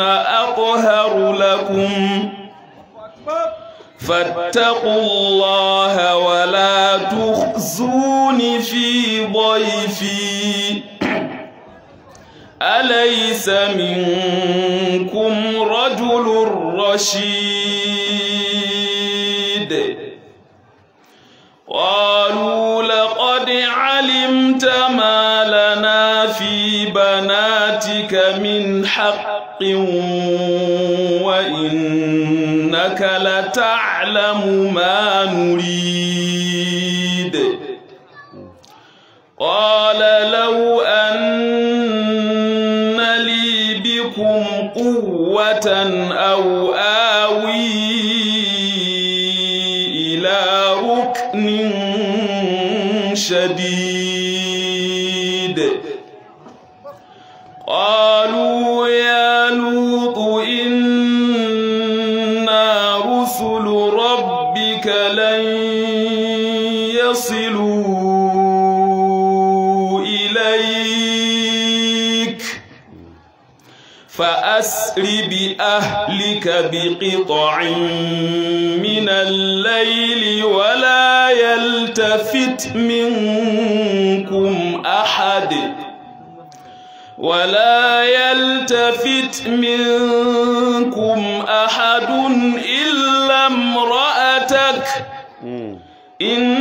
أطهر لكم فاتقوا الله ولا تخزون في ضيفي أليس منكم رجل رشيد قالوا لقد علمت ما لنا في بناتك من حق وإنك لتعلم ما نريد قال لو أن لي بكم قوة أو آوي إلى ركن شديد فأسر بأهلك بقطع من الليل ولا يلتفت منكم أحد ولا يلتفت منكم أحد إلا امرأتك إن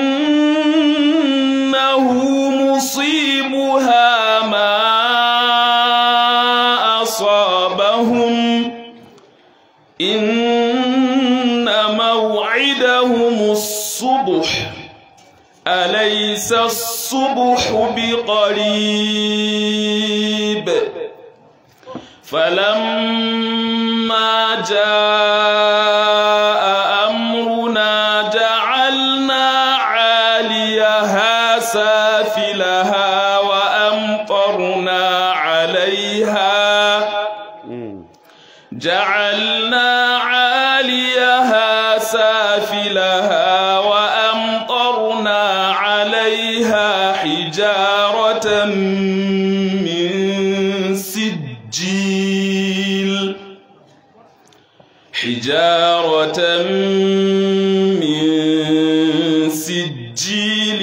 الصبح أليس الصبح بقريب فلما جاء سافلها وأمطرنا عليها حجارة من سجيل حجارة من سجيل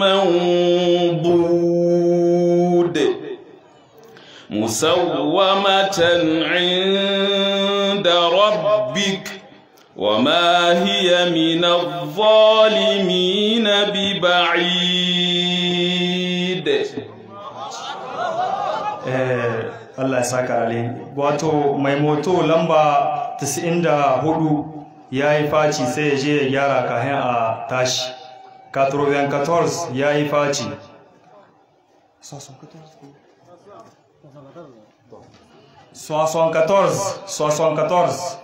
منضود مسومة عند وما هي من الظالمين ببعيد eh, Allah ya saka alheri wato mai moto lamba 94 ya yi faci sai yaje ya gyara kahin a tashi 94 ya yi faci soixante-quatorze soixante-quatorze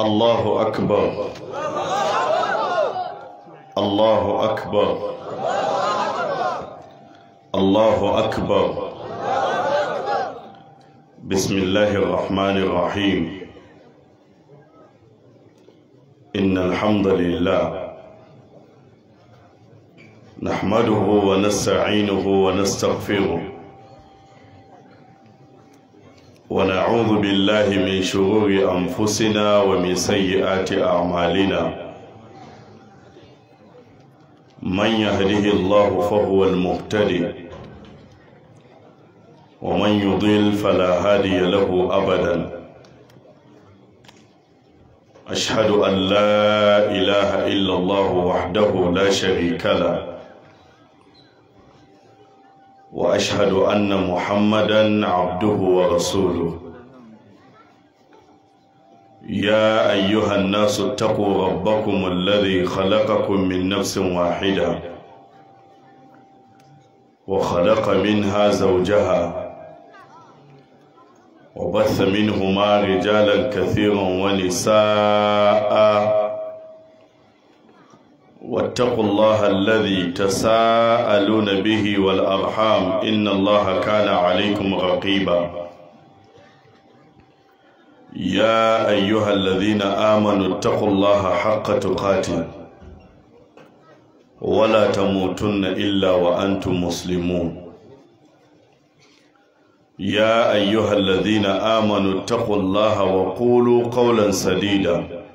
الله أكبر الله أكبر الله أكبر بسم الله الرحمن الرحيم إن الحمد لله نحمده ونستعينه ونستغفره ونعوذ بالله من شرور أنفسنا ومن سيئات أعمالنا من يهده الله فهو المهتدي ومن يضل فلا هادي له أبدا أشهد أن لا إله إلا الله وحده لا شريك له واشهد ان محمدا عبده ورسوله يا ايها الناس اتقوا ربكم الذي خلقكم من نفس واحده وخلق منها زوجها وبث منهما رجالا كثيرا ونساء واتقوا الله الذي تساءلون به والأرحام إن الله كان عليكم رقيبا يا أيها الذين آمنوا اتقوا الله حق تقاته ولا تموتن إلا وأنتم مسلمون يا أيها الذين آمنوا اتقوا الله وقولوا قولا سديدا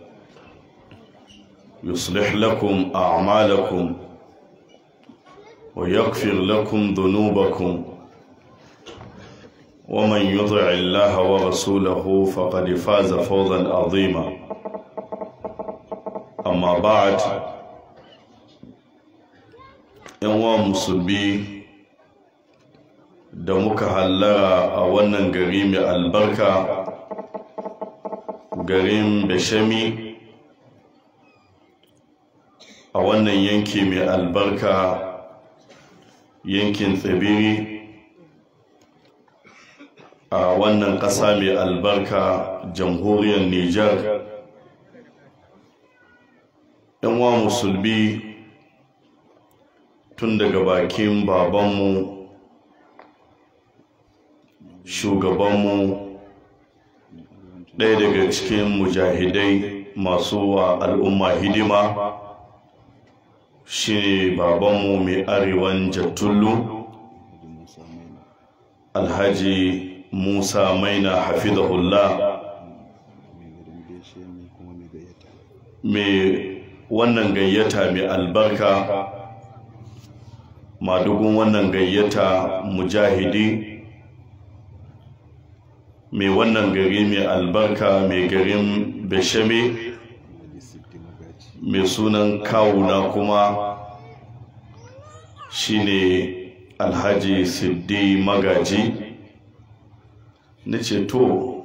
يصلح لكم أعمالكم ويغفر لكم ذنوبكم ومن يطع الله ورسوله فقد فاز فوزا عظيما أما بعد ‘yan musulmi da muka hallara a wannan gari mai albarka garin bashami a wannan yanki mai albarka yankin tsibiri a wannan ƙasa mai albarka jamhuriyar nijar wa musulmi tun daga bakin babanmu shugabanmu ɗaya daga cikin mujahidai masu wa al'umma hidima shi babanmu mai arewan jattullu alhaji musa maina hula. mai wannan gayyata mai albarka madugun wannan gayyata mujahidi mai wannan gari mai albarka mai garin beshame mai sunan kawuna kuma shine alhaji siddi magaji na ce to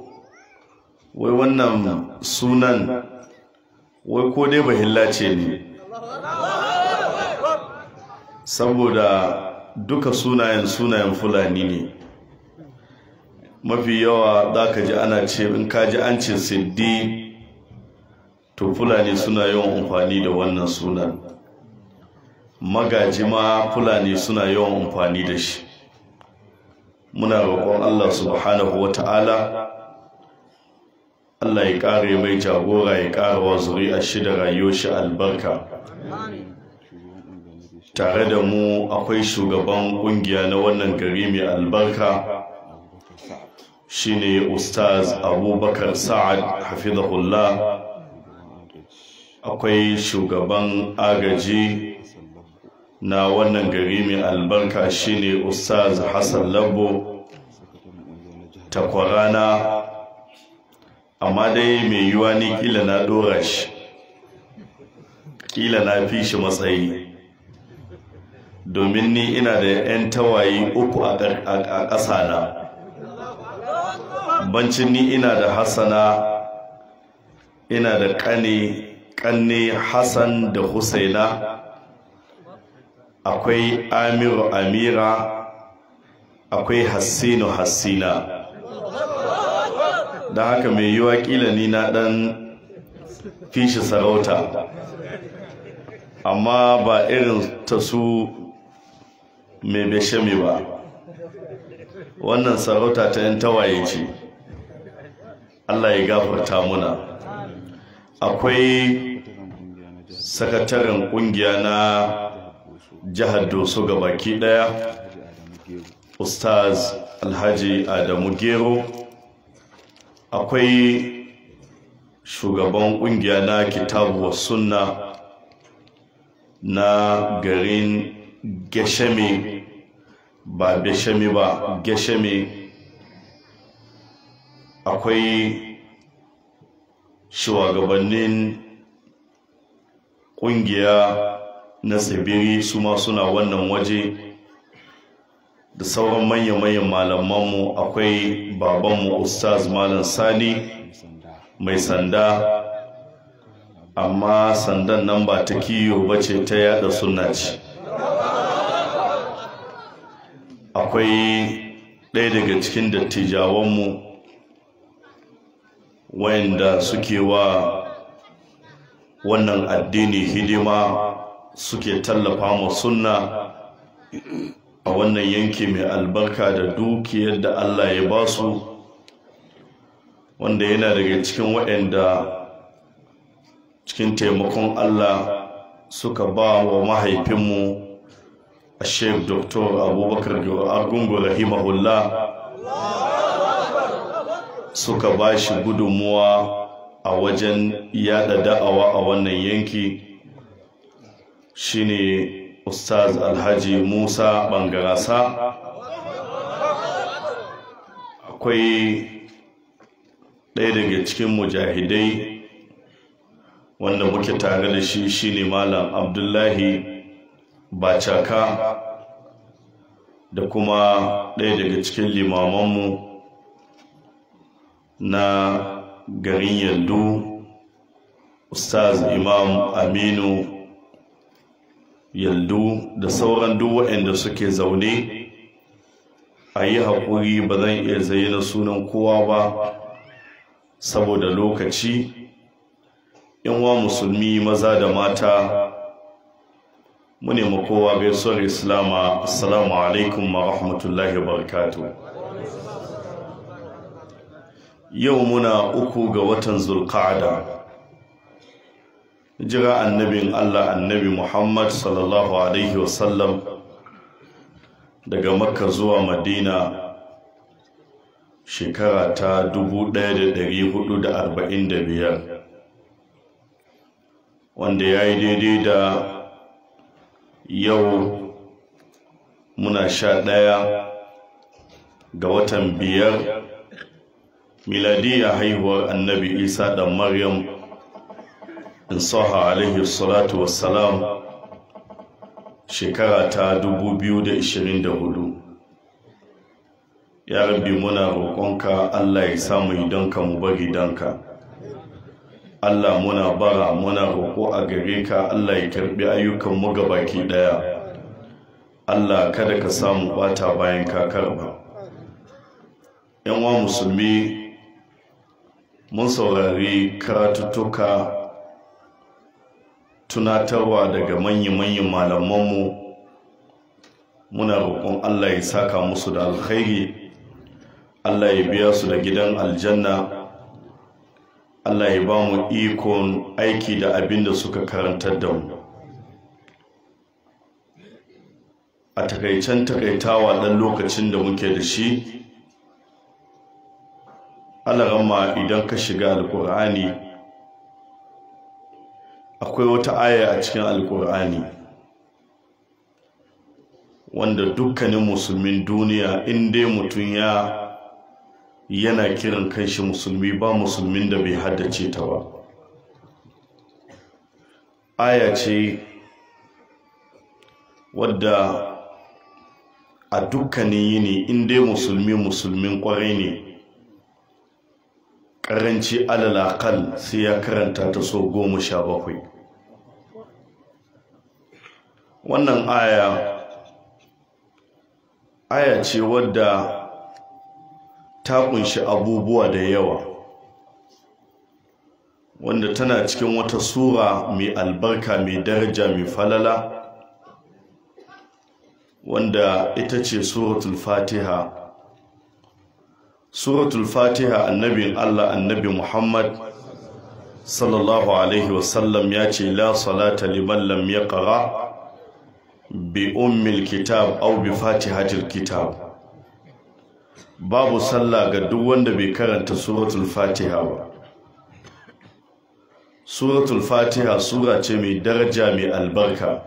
wai wannan sunan wai ko dai bahilla ce ne saboda duka sunayen sunayen fulani ne mafi yawa za ka ji ana ce in ka ji an ce siddi to fulani suna yawan amfani da wannan sunan magaji ma fulani suna yawan amfani da shi muna roƙon Allah subhanahu wa ta'ala Allah ya ƙare mai jagora ya ƙara wa zuri'a shi da rayuwar shi albarka tare da mu akwai shugaban ƙungiya na wannan gari mai albarka shine ustaz abubakar sa'ad hafizahullah akwai shugaban agaji na wannan gari mai albarka shine ustaz hassan labbo takwarana amma dai mai yiwa ni kila na dora shi kila na fi shi matsayi domin ni ina da 'yan tawayi uku a na. bancin ni ina da hassana ina da ƙane kanne hassan da husaina akwai amiru amira akwai hassinu hassina don haka mai yiwa kila ni na ɗan fishi sarauta amma ba irin ta su mai beshami ba wannan sarauta ta yin tawaye ce allah ya gafarta muna akwai sakataren kungiya na jihar doso ga baki daya ustaz alhaji adamu gero akwai shugaban kungiya na kitabu wa sunna na garin geshemi ba geshemi ba geshemi akwai shugabannin ƙungiya na tsibiri su ma suna wannan waje da sauran manya-manyan malamanmu akwai babanmu ustaz malam sani mai sanda amma sandan nan ba ta kiyo ba ce ta yada suna ce akwai ɗaya daga cikin dattijawanmu wayanda suke wa wannan addini hidima suke tallafa mu sunna a wannan yanki mai albarka da dukiyar da Allah ya ba su wanda yana daga cikin waɗanda cikin taimakon Allah suka ba wa mahaifinmu a sheik doktor abubakar argungu rahimahullah suka ba shi gudunmuwa a wajen yada da'awa a wannan yanki shine ustaz alhaji musa bangarasa akwai ɗaya daga cikin mujahidai wanda muke tare da shi shine malam abdullahi bacaka da kuma ɗaya daga cikin limamanmu na garin yandu ustaz imam aminu yandu da sauran duk waɗanda suke zaune a yi haƙuri ba zan iya zayyana sunan kowa ba saboda lokaci wa musulmi maza da mata mu ne kowa son islama assalamu alaikum wa rahmatullahi wa barakatuh yau muna uku ga watan zulqa'ada jira annabin Allah annabi Muhammad sallallahu alaihi wasallam daga makka zuwa madina shekara ta 1445 wanda ya yi daidai da yau muna sha ɗaya ga watan biyar miladiya haihuwar annabi isa dan maryam in soha alaihi salatu wassalam shekara ta 2024 ya rabbi muna roƙonka allah ya samu idanka mu bari danka allah muna bara muna roƙo a gare ka allah ya karɓi ayyukanmu ga baki ɗaya allah kada ka samu ɓata bayan ka karba. yan wa musulmi mun saurari karatuttuka tunatarwa daga manyan-manyan malamanmu muna roƙon allah ya saka musu da alkhairi allah ya biya su da gidan aljanna allah ya ba mu ikon aiki da abin da suka karanta da mu a takaicen takaitawa ɗan lokacin da muke da shi alarama idan ka shiga alkur'ani akwai wata aya a cikin alkur'ani wanda dukkanin musulmin duniya in mutum ya yana kiran kanshi musulmi ba musulmin da bai haddace ta ba aya ce wadda a dukkanin yini in dai musulmi musulmin kwarai ne karanci alalakal sai ya karanta ta so goma sha bakwai wannan aya aya ce wadda ta kunshi abubuwa da yawa wanda tana cikin wata sura mai albarka mai daraja mai falala wanda ita ce suratul fatiha suratul fatiha annabin allah annabi muhammad sallallahu alaihi wasallam ya ce la salata liman lam ya bi ummil kitab au bi fatihatil kitab babu sallah ga duk wanda bai karanta suratul fatiha ba suratul fatiha sura ce mai daraja mai albarka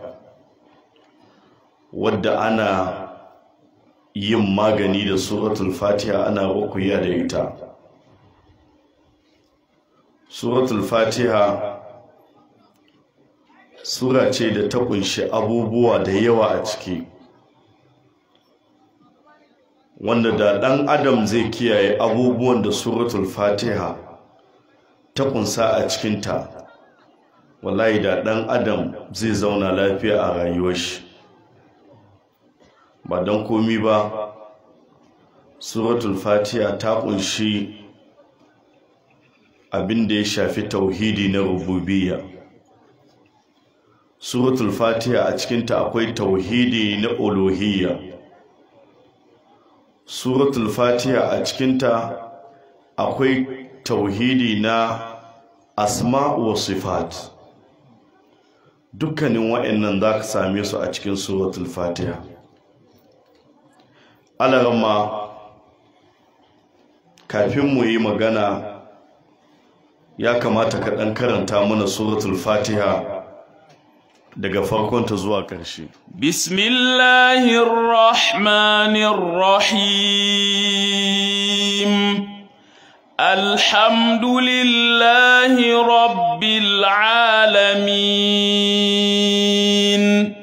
wadda ana yin magani da suratul fatiha ana rukuya da ita suratul fatiha sura ce da ta kunshi abubuwa da yawa a ciki wanda da ɗan adam zai kiyaye abubuwan da suratul fatiha ta kunsa a cikinta wallahi da ɗan adam zai zauna lafiya a rayuwar shi ba don komi ba suratul fatiha ta kunshi abin da ya shafi tauhidi na rububiyya suratul fatiha a cikinta akwai tauhidi na uluhiyya suratul fatiha a cikinta akwai tauhidi na asma wa sifat dukkanin wa'annan za ka same su a cikin suratul fatiha alarma kafin mu yi magana ya kamata ka ɗan karanta mana suratul fatiha daga farkonta zuwa ƙarshe. Bismillahirrahmanirrahim. Alhamdulillahi rabbil alamin.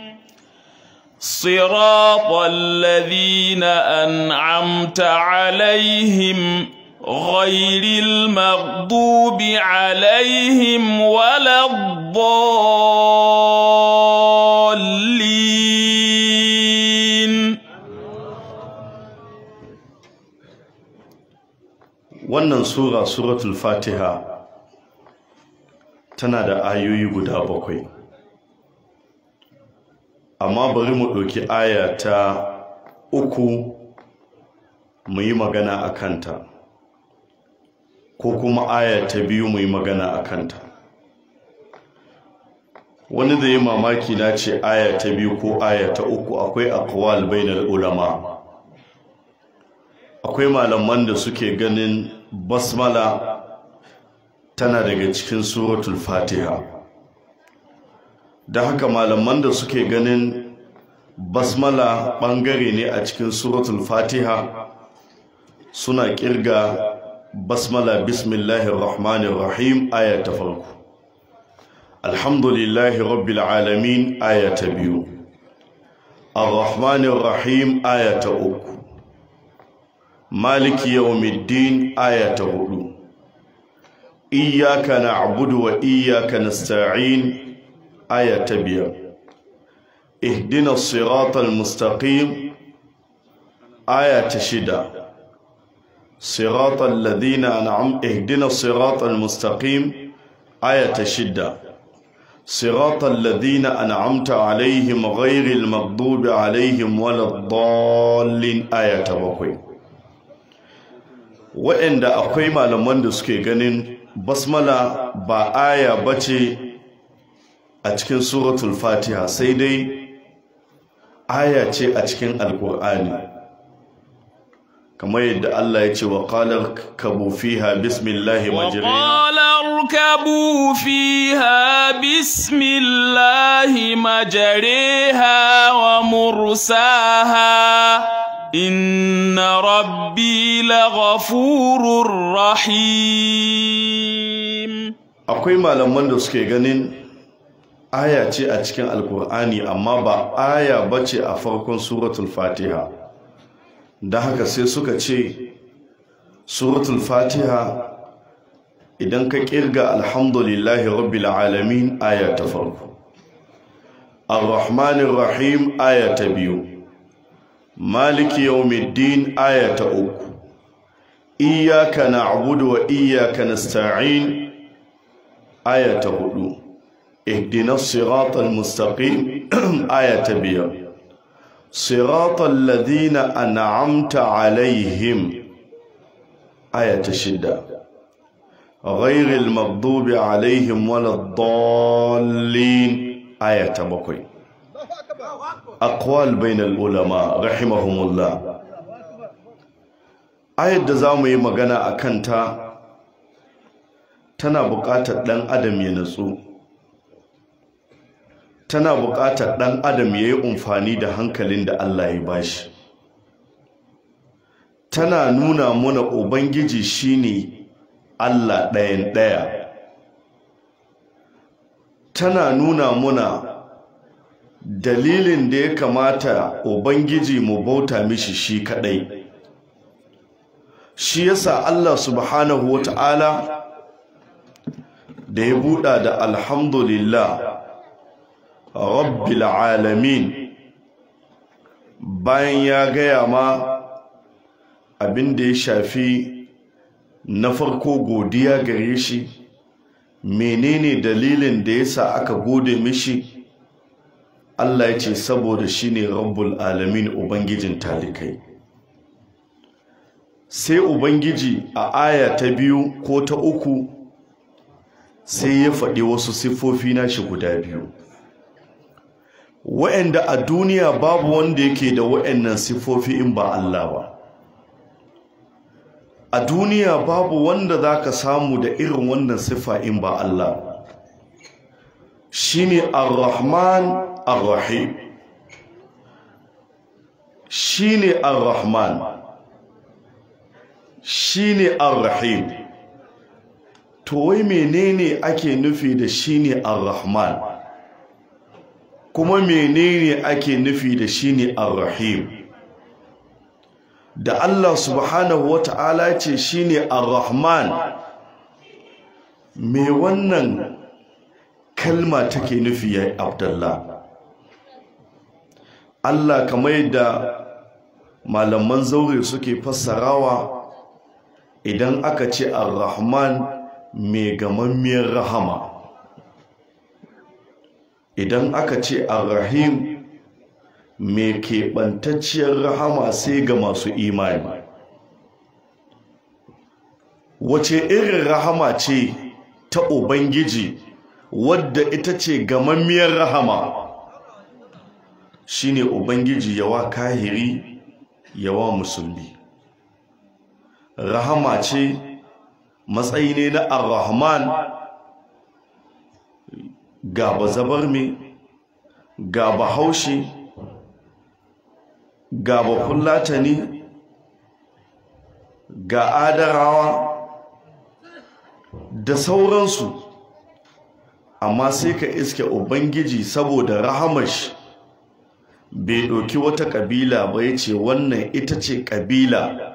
صراط الذين أنعمت عليهم غير المغضوب عليهم ولا الضالين wannan sura suratul fatiha tana da ayoyi guda bakwai amma bari mu ɗauki aya ta uku mu yi magana a kanta ko kuma aya ta biyu mu yi magana a kanta wani da yi mamaki na ce aya ta biyu ko aya ta uku akwai akwal bainal ulama akwai malaman da suke ganin basmala tana daga cikin suratul fatiha da haka malaman da suke ganin basmala ɓangare ne a cikin suratul fatiha suna kirga basmala bismillahir rahmanir rahim aya ta farko alhamdulillahi rabbil alamin aya ta biyu ar rahim aya ta uku maliki yawmiddin aya ta hudu iyyaka na'budu wa iyyaka nasta'in aya ta biyar ihdina siratal mustaqim aya ta shida siratal ladina an'am ihdina siratal mustaqim aya ta shida siratal ladina an'amta alaihim ghairil maghdubi alaihim waladdallin aya ta bakwai waɗanda akwai malaman da suke ganin basmala ba aya bace a cikin suratul fatiha sai dai aya ce a cikin alkur'ani kamar yadda Allah ya ce wa qalar kabu fiha bismillahi majriha wa qalar kabu fiha majriha wa mursaha inna rabbi laghafurur rahim akwai malaman da suke ganin aya ce a cikin alkur'ani amma ba aya ba ce a farkon suratul fatiha da haka sai suka ce suratul fatiha idan ka kirga alhamdulillahi rabbil alamin aya ta farko ar rahim aya ta biyu maliki yawmiddin aya ta uku iyyaka na'budu wa iyyaka nasta'in aya ta hudu اهدنا الصراط المستقيم آية بيار صراط الذين أنعمت عليهم آية الشدة غير المغضوب عليهم ولا الضالين آية بقي أقوال بين العلماء رحمهم الله آية دزامي مغانا أكنتا تنا بقاتت لن أدم ينسو tana buƙatar ɗan adam ya yi umfani da hankalin da Allah ya bashi tana nuna mana ubangiji shine Allah ɗayan ɗaya tana nuna muna dalilin da ya kamata ubangiji mu bauta mishi shi kaɗai shi yasa Allah subhanahu wata'ala da ya buɗa da alhamdulillah rabbil alamin bayan ya gaya ma abin da ya shafi na farko godiya gare shi menene dalilin da ya sa aka gode mishi Allah ya ce saboda shi ne rabbul alamin ubangijin talikai sai ubangiji a aya ta biyu ko ta uku sai ya faɗi wasu siffofi nashi guda biyu wa'anda a duniya babu wanda yake da wa'annan sifofi in ba Allah ba a duniya babu wanda za ka samu da irin wannan sifa in ba Allah shi ne ar-rahman ar-rahim shi ne ar-rahman shi ar-rahim to wai menene ake nufi da shi ne ar-rahman kuma menene ake nufi da shi ne ar-rahim da Allah subhanahu wata'ala ce shi ne ar-rahman me wannan kalma take nufi ya abdullah Allah kamar da malaman zaure suke fassarawa idan aka ce ar-rahman mai gamammiyar rahama idan aka ce arrahim mai keɓantacciyar rahama sai ga masu imani wace irin rahama ce ta ubangiji wadda ita ce gamammiyar rahama shine ubangiji yawa kahiri yawa musulmi rahama ce matsayi ne na ar-rahman ga ba mi ga bahaushe ga ba bafulatani ga adarawa da sauransu amma sai ka iske ubangiji saboda rahamash bai ɗauki wata ƙabila ba ya ce wannan ita ce ƙabila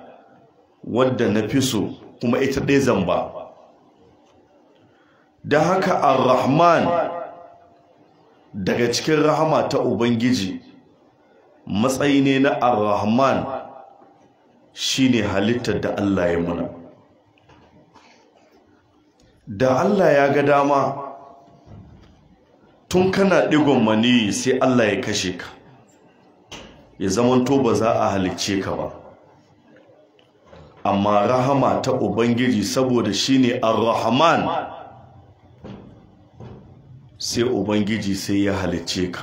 wadda na fi so kuma ita ɗai zamba da haka ar-rahman daga cikin rahama ta ubangiji matsayi ne na ar-rahman shine halittar da Allah ya muna da Allah ya ga dama tun kana digon mani sai Allah ya kashe ka ya zamanto ba za a halicce ka ba amma rahama ta ubangiji saboda shine ar-rahman sai ubangiji sai ya halicce ka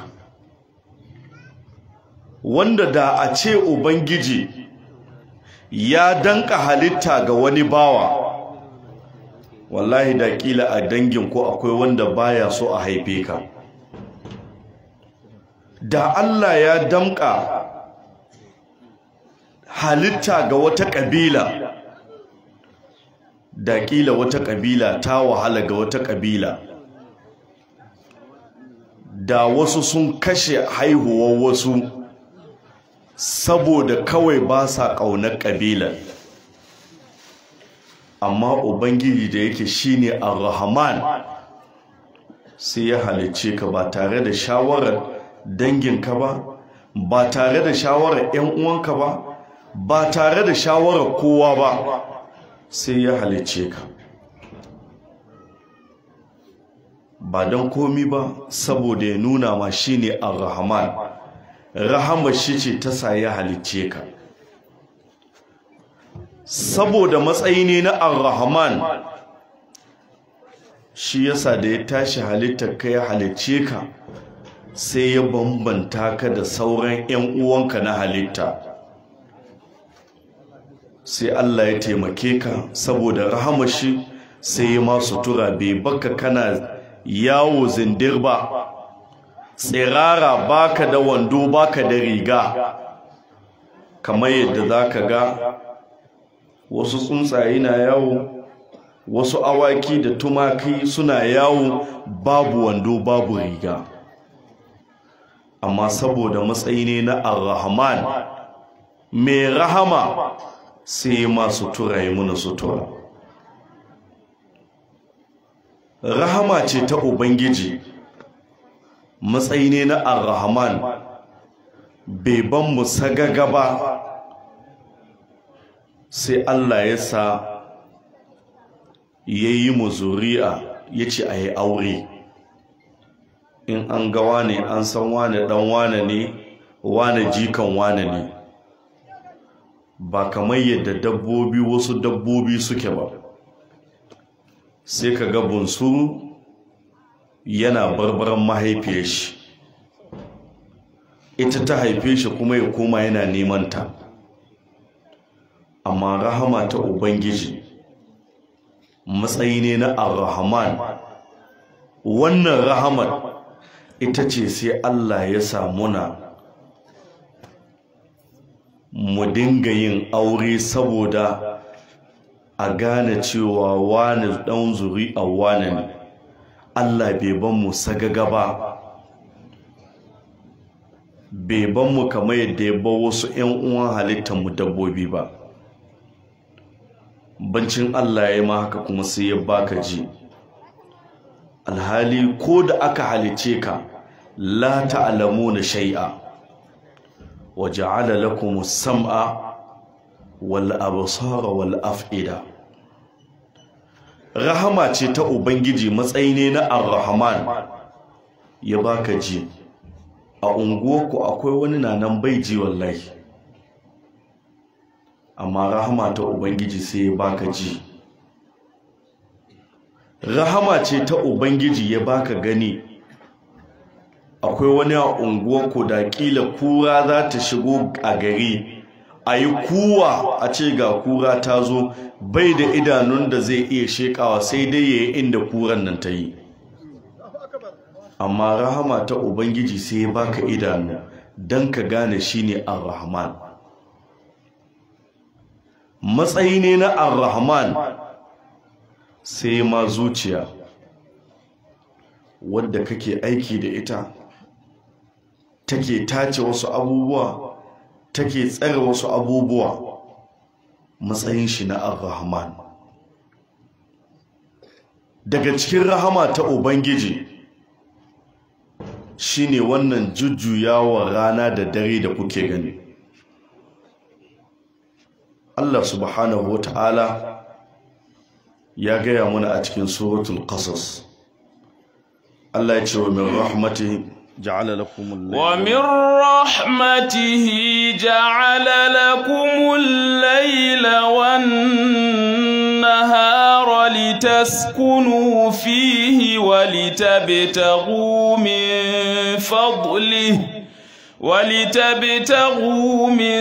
wanda da a ce ubangiji ya danka halitta ga wani bawa wallahi da kila a dangin ko akwai wanda baya so a haife ka da Allah ya damka halitta ga wata kabila da kila wata ƙabila ta wahala ga wata ƙabila. da wasu sun kashe haihuwar wasu saboda kawai ba sa ƙaunar ƙabila, amma ubangiji da yake shine ar-rahman sai ya halice ka ba tare da shawarar danginka ba ba tare da shawarar 'yan uwanka ba ba tare da shawarar kowa ba sai ya halice ka ba don komi ba saboda ya nuna ma shi ne ar-rahman rahama shi ce ta saye halicce ka saboda matsayi ne na ar-rahman shi yasa da ya tashi halittar ka ya halicce ka sai ya bambanta ka da sauran 'yan uwanka na halitta sai Allah ya taimake ka saboda rahama shi sai ya masu tura bai baka kana yawo zindir ba tsirara baka da wando baka da riga kamar yadda zaka ga wasu tsuntsaye na yawo wasu awaki da tumaki suna yawo babu wando babu riga amma saboda matsayi ne na al rahman mai rahama sai masu turaye muna sutura rahama ce ta ubangiji matsayi ne na al rahman bai ban mu sagaga ba sai Allah ya sa ya yi mu zuri'a ya ce a yi aure in an ga wane an san wane dan wane ne wane jikan wane ne ba kamar yadda dabbobi wasu dabbobi suke ba sai ka ga bunsuru yana barbaran mahaifiyar shi ita ta haife shi kuma ya koma yana neman ta amma rahama ta ubangiji matsayi ne na ar wannan rahamar ita ce sai Allah ya na. mu dinga yin aure saboda a gane cewa wani ɗan zuri a wani ne Allah bai mu sagaga ba bai ban mu kamar yadda ya ba wasu 'yan uwan halittar mu dabbobi ba bancin Allah ya ma haka kuma sai ya baka ji alhali ko da aka halice ka la na shai'a wa ja'ala lakum sam'a wal absara wal af'ida rahama ce ta ubangiji matsayi ne na ar-rahman ya baka ji a unguwarku akwai wani na nan bai ji wallahi amma rahama ta ubangiji sai ya baka ji rahama ce ta ubangiji ya baka gani akwai wani a unguwarku da kila kura za ta shigo a gari a yi kuwa a ce ga kura ta zo bai da idanun da zai iya shekawa sai dai ya yi inda kuran nan ta yi amma rahama ta ubangiji sai ya baka idanu don ka gane shine ne rahman matsayi ne na ar sai ma zuciya wadda kake aiki da ita take tace wasu abubuwa take tsare wasu abubuwa matsayin shi na ar-rahman daga cikin rahama ta ubangiji shine wannan jujjuyawa rana da dare da kuke gani Allah subhanahu ta'ala ya gaya mana a cikin suratul qasas Allah ya ce wa min rahmatihi جعل لكم الليل ومن رحمته جعل لكم الليل والنهار لتسكنوا فيه ولتبتغوا من فضله ولتبتغوا من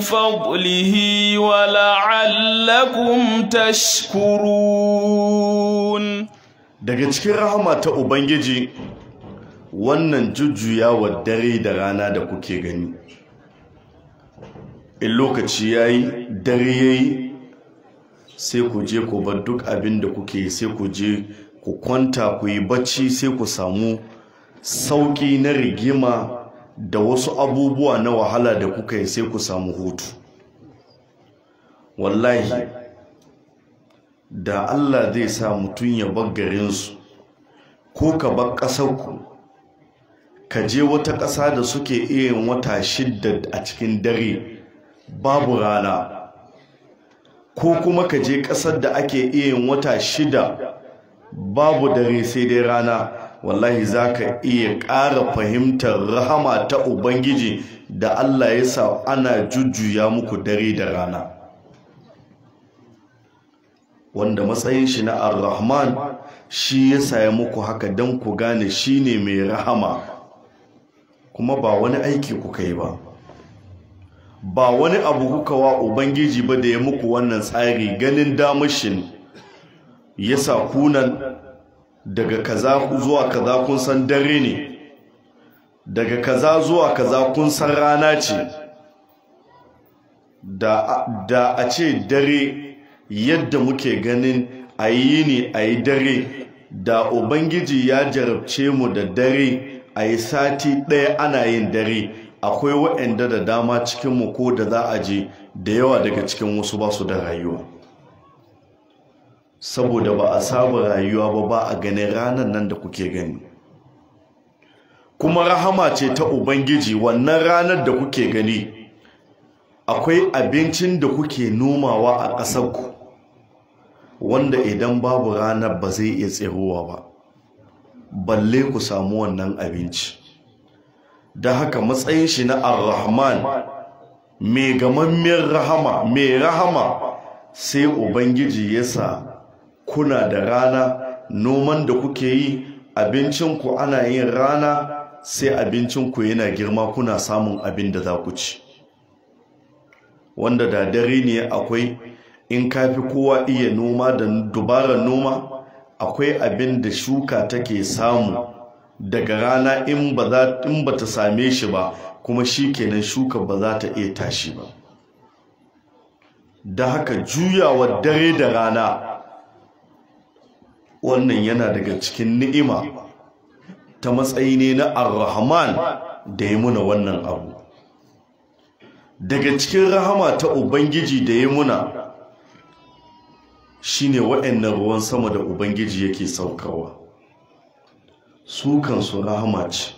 فضله ولعلكم تشكرون daga cikin rahama ta ubangiji wannan wa dare da rana da kuke gani in lokaci ya yi dare ya yi sai ku je ku bar duk abin da kuke sai ku je ku kwanta ku yi bacci sai ku samu sauƙi na rigima da wasu abubuwa na wahala da kuka yi sai ku samu hutu wallahi da Allah zai sa mutum ya bar garinsu ko ka bar ƙasarku ka je wata ƙasa da suke iya wata shidda a cikin dare babu rana ko kuma ka je ƙasar da ake iya wata shida babu dare sai dai rana wallahi za ka iya ƙara fahimtar rahama ta ubangiji da allah ya sa ana jujjuya muku dare da rana wanda matsayin shi na ar-rahman shi ya saya muku haka don ku gane shi ne mai rahama kuma ba wani aiki kuka yi ba ba wani abu kuka wa ubangiji ba da ya muku wannan tsari ganin damashin ya sa kunan daga kaza zuwa kaza kun san dare ne daga kaza zuwa kaza kun san rana ce da a ce dare yadda muke ganin a yi ne a yi dare da ubangiji ya jarabce mu da dare a yi sati ɗaya ana yin dare akwai waɗanda da dama cikinmu ko da za a je da yawa daga cikin wasu ba su da rayuwa saboda ba a saba rayuwa ba ba a ganin ranar nan da kuke gani kuma rahama ce ta ubangiji wannan ranar da kuke gani akwai abincin da kuke nomawa a ƙasarku wanda idan babu ranar ba zai iya tsirowa ba balle ku samu wannan abinci da haka matsayin shi na al rahman mai gamammiyar rahama mai rahama sai ubangiji ya sa kuna da rana noman da kuke yi abincinku ana yin rana sai abincinku yana girma kuna samun abin da za ku ci wanda da dare ne akwai in kafi kowa iya noma da dubarar noma akwai abin da shuka take samu daga rana in ba ta same shi ba kuma shi kenan shuka ba za ta iya tashi ba da haka juyawa dare da rana wannan yana daga cikin ni'ima ta matsayi ne na al rahman da ya muna wannan abu daga cikin rahama ta ubangiji da ya muna shine waɗannan ruwan sama da ubangiji yake saukawa su kansu rahama ce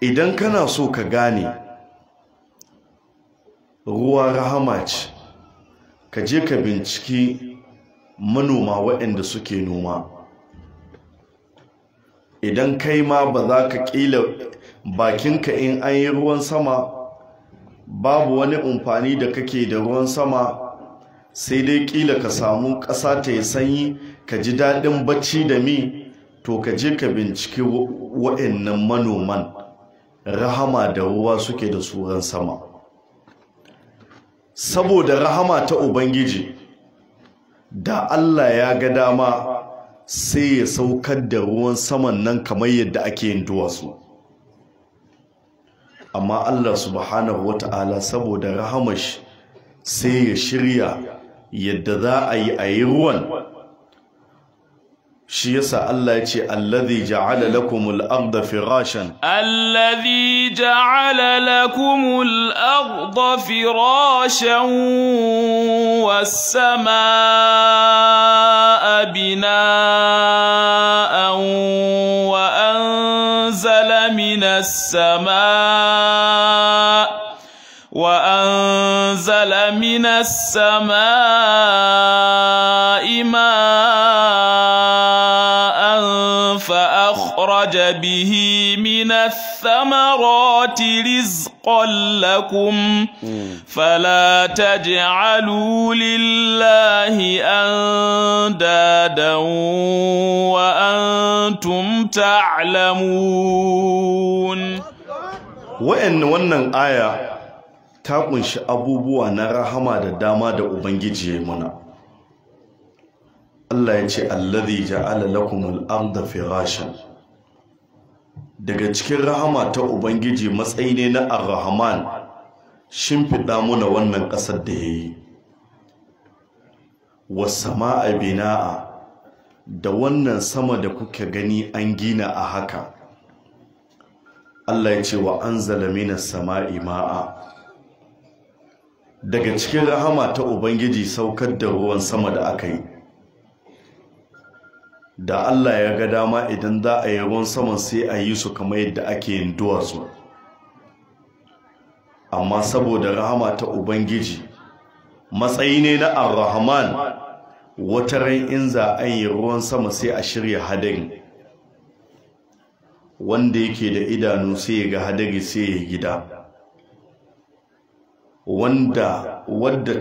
idan kana so ka gane ruwa rahama ce ka je ka binciki manoma waɗanda suke noma idan kai ma ba za ka ƙila bakinka in an yi ruwan sama babu wani amfani da kake da ruwan sama sai dai kila ka samu ƙasa ta yi sanyi ka ji daɗin bacci da mi to ka je ka binciki wa'annan manoman rahama da ruwa suke da tsoron sama saboda rahama ta ubangiji da allah ya ga dama sai ya saukar da ruwan saman nan kamar yadda ake yin duwatsu amma Allah subhanahu ta'ala saboda rahamash sai ya shirya yadda za a yi a yi ruwan shi yasa Allah ya ce allazi ja'ala lakumul arda firashan allazi ja'ala lakumul arda firashan was samaa bina'an wa anzala minas samaa wa anzala minas samaa ma'a أخرج به من الثمرات رزقا لكم فلا تجعلوا لله أندادا وأنتم تعلمون وإن ونن آية ta ƙunshi abubuwa na rahama da dama da Ubangiji ya muna. Allah ya ce, ja'ala lakumul arda firashan daga cikin rahama ta ubangiji matsayi ne na ar-rahman shimfiɗa muna wannan ƙasar da ya yi wasama'a bina'a da wannan sama da kuka gani an gina a haka Allah ya ce wa an zalamina sama'i ma'a daga cikin rahama ta ubangiji saukar da ruwan sama da aka yi da Allah ya ga dama idan za a yi ruwan saman sai a yi su kamar yadda ake yin duwatsu amma saboda rahama ta ubangiji matsayi ne na arrahman wata ran in za a yi ruwan sama sai a shirya hadari wanda yake da idanu sai ya ga hadari sai ya gida wanda wadda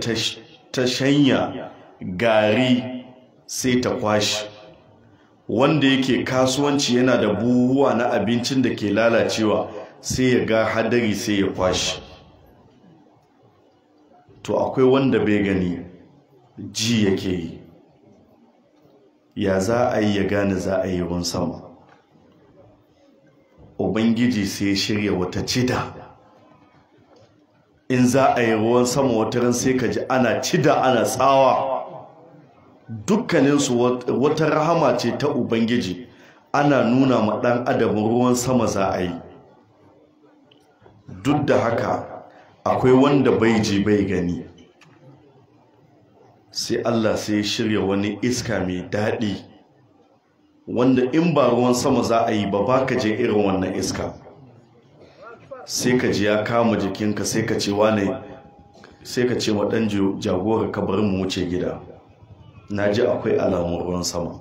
ta shanya gari sai ta kwashi wanda yake kasuwanci yana da buhuwa na abincin da ke lalacewa sai ya ga hadari sai ya kwashi to akwai wanda bai gani ji yake yi ya za a yi ya gane za a yi ruwan sama ubangiji sai ya shirya wata cida in za a yi ruwan sama wata ran sai ka ji ana cida ana tsawa dukkaninsu wata rahama ce ta ubangiji ana nuna ma ɗan adam ruwan sama za a yi duk da haka akwai wanda bai ji bai gani sai allah sai shirya wani iska mai daɗi wanda in ba ruwan sama za a yi ba ba ka je irin wannan iska sai ka ji ya kama jikinka sai ka ce wane sai ka ce ma ɗan jagora ka bari mu wuce gida na ji akwai alamun ruwan sama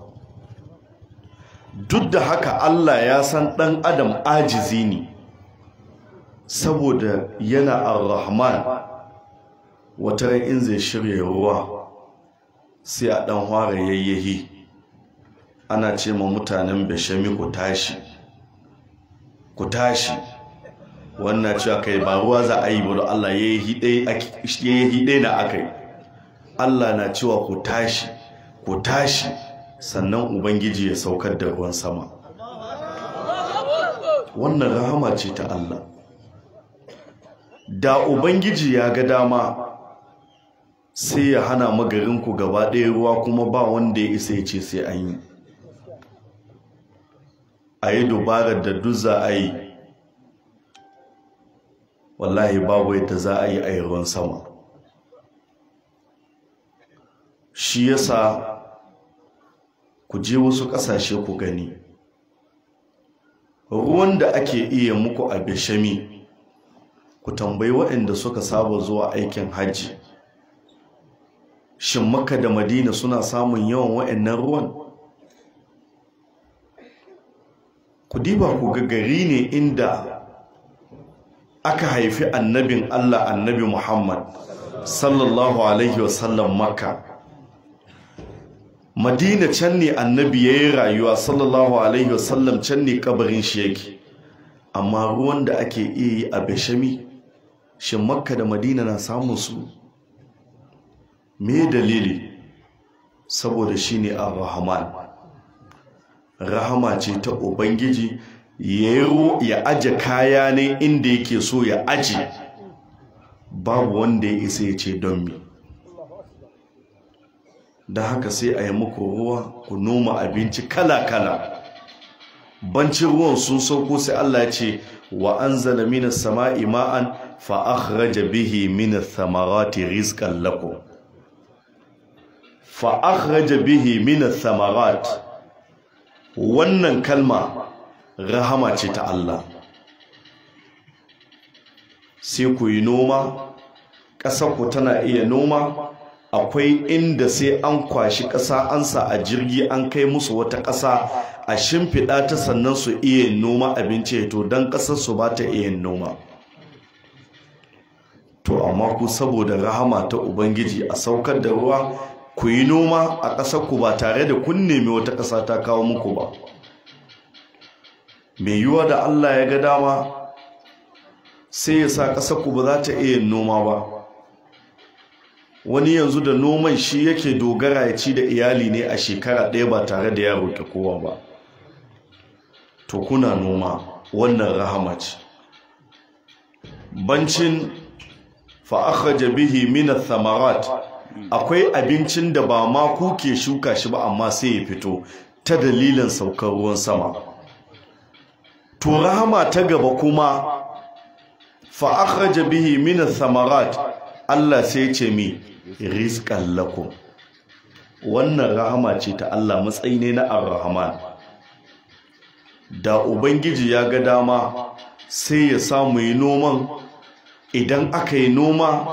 duk da haka allah ya san ɗan adam ajizi ne saboda yana ar-rahman wata in zai shirya ruwa sai a ɗan hware yayyahi ana ce ma mutanen bashami ku tashi ku tashi wannan cewa kai ba ruwa za a yi bada Allah ya yi ɗaya na aka yi Allah na cewa ku tashi ku tashi sannan ubangiji ya saukar da ruwan sama wannan rahama ce ta Allah da ubangiji ya ga dama sai ya hana magarinku gaba ɗaya ruwa kuma ba wanda ya isa ya ce sai an yi a yi dubarar da duk za a yi wallahi babu yadda za a yi a yi ruwan sama shi yasa ku je wasu ƙasashe ku gani ruwan da ake iya muku a bishami ku tambayi waɗanda suka saba zuwa aikin hajji shin makka da madina suna samun yawan waɗannan ruwan ku diba ku ga gari ne inda aka haifi annabin Allah annabi Muhammad sallallahu alaihi wasallam makka madina can ne annabi ya yi rayuwa sallallahu alaihi wasallam can ne kabarin shi yake amma ruwan da ake iya yi a bashami shi makka da madina na samun su me dalili saboda shi ne a rahaman rahama ce ta ubangiji ya aje kaya ne inda yake so ya aje babu wanda ya isa ya ce don mi da haka sai a yi muku ruwa ku noma abinci kala-kala bancin ruwan sun sauko sai Allah ya ce wa an zana minas sama'i ma'an fa akhraja bihi minas samarati rizqan lako fa bihi minas samarati wannan kalma rahama ce ta Allah sai ku yi noma ƙasar ku tana iya noma akwai inda sai an kwashi ƙasa an sa a jirgi an kai musu wata ƙasa a shimfiɗa ta sannan su iya noma abinci to don ƙasar su ba ta iya noma to amma ku saboda rahama ta ubangiji a saukar da ruwa ku yi noma a ƙasar ku ba tare da kun nemi wata ƙasa ta kawo muku ba mai yiwuwa da Allah ya ga dama sai ya sa ƙasar ku ba za ta iya noma ba wani yanzu da noman shi yake dogara ya ci da iyali ne a shekara ɗaya ba tare da ya roƙi kowa ba to kuna noma wannan rahama ce bancin fa'akhaja bihi mina thamarat akwai abincin da ba ma kuke shuka shi ba amma sai ya fito ta dalilin saukar ruwan sama to rahama ta gaba kuma fa'akhaja bihi mina thamarat Allah sai ce mi rizkan lakum wannan rahama ce ta Allah matsayi ne na arrahman da ubangiji ya ga dama sai ya samu yi noman idan aka yi noma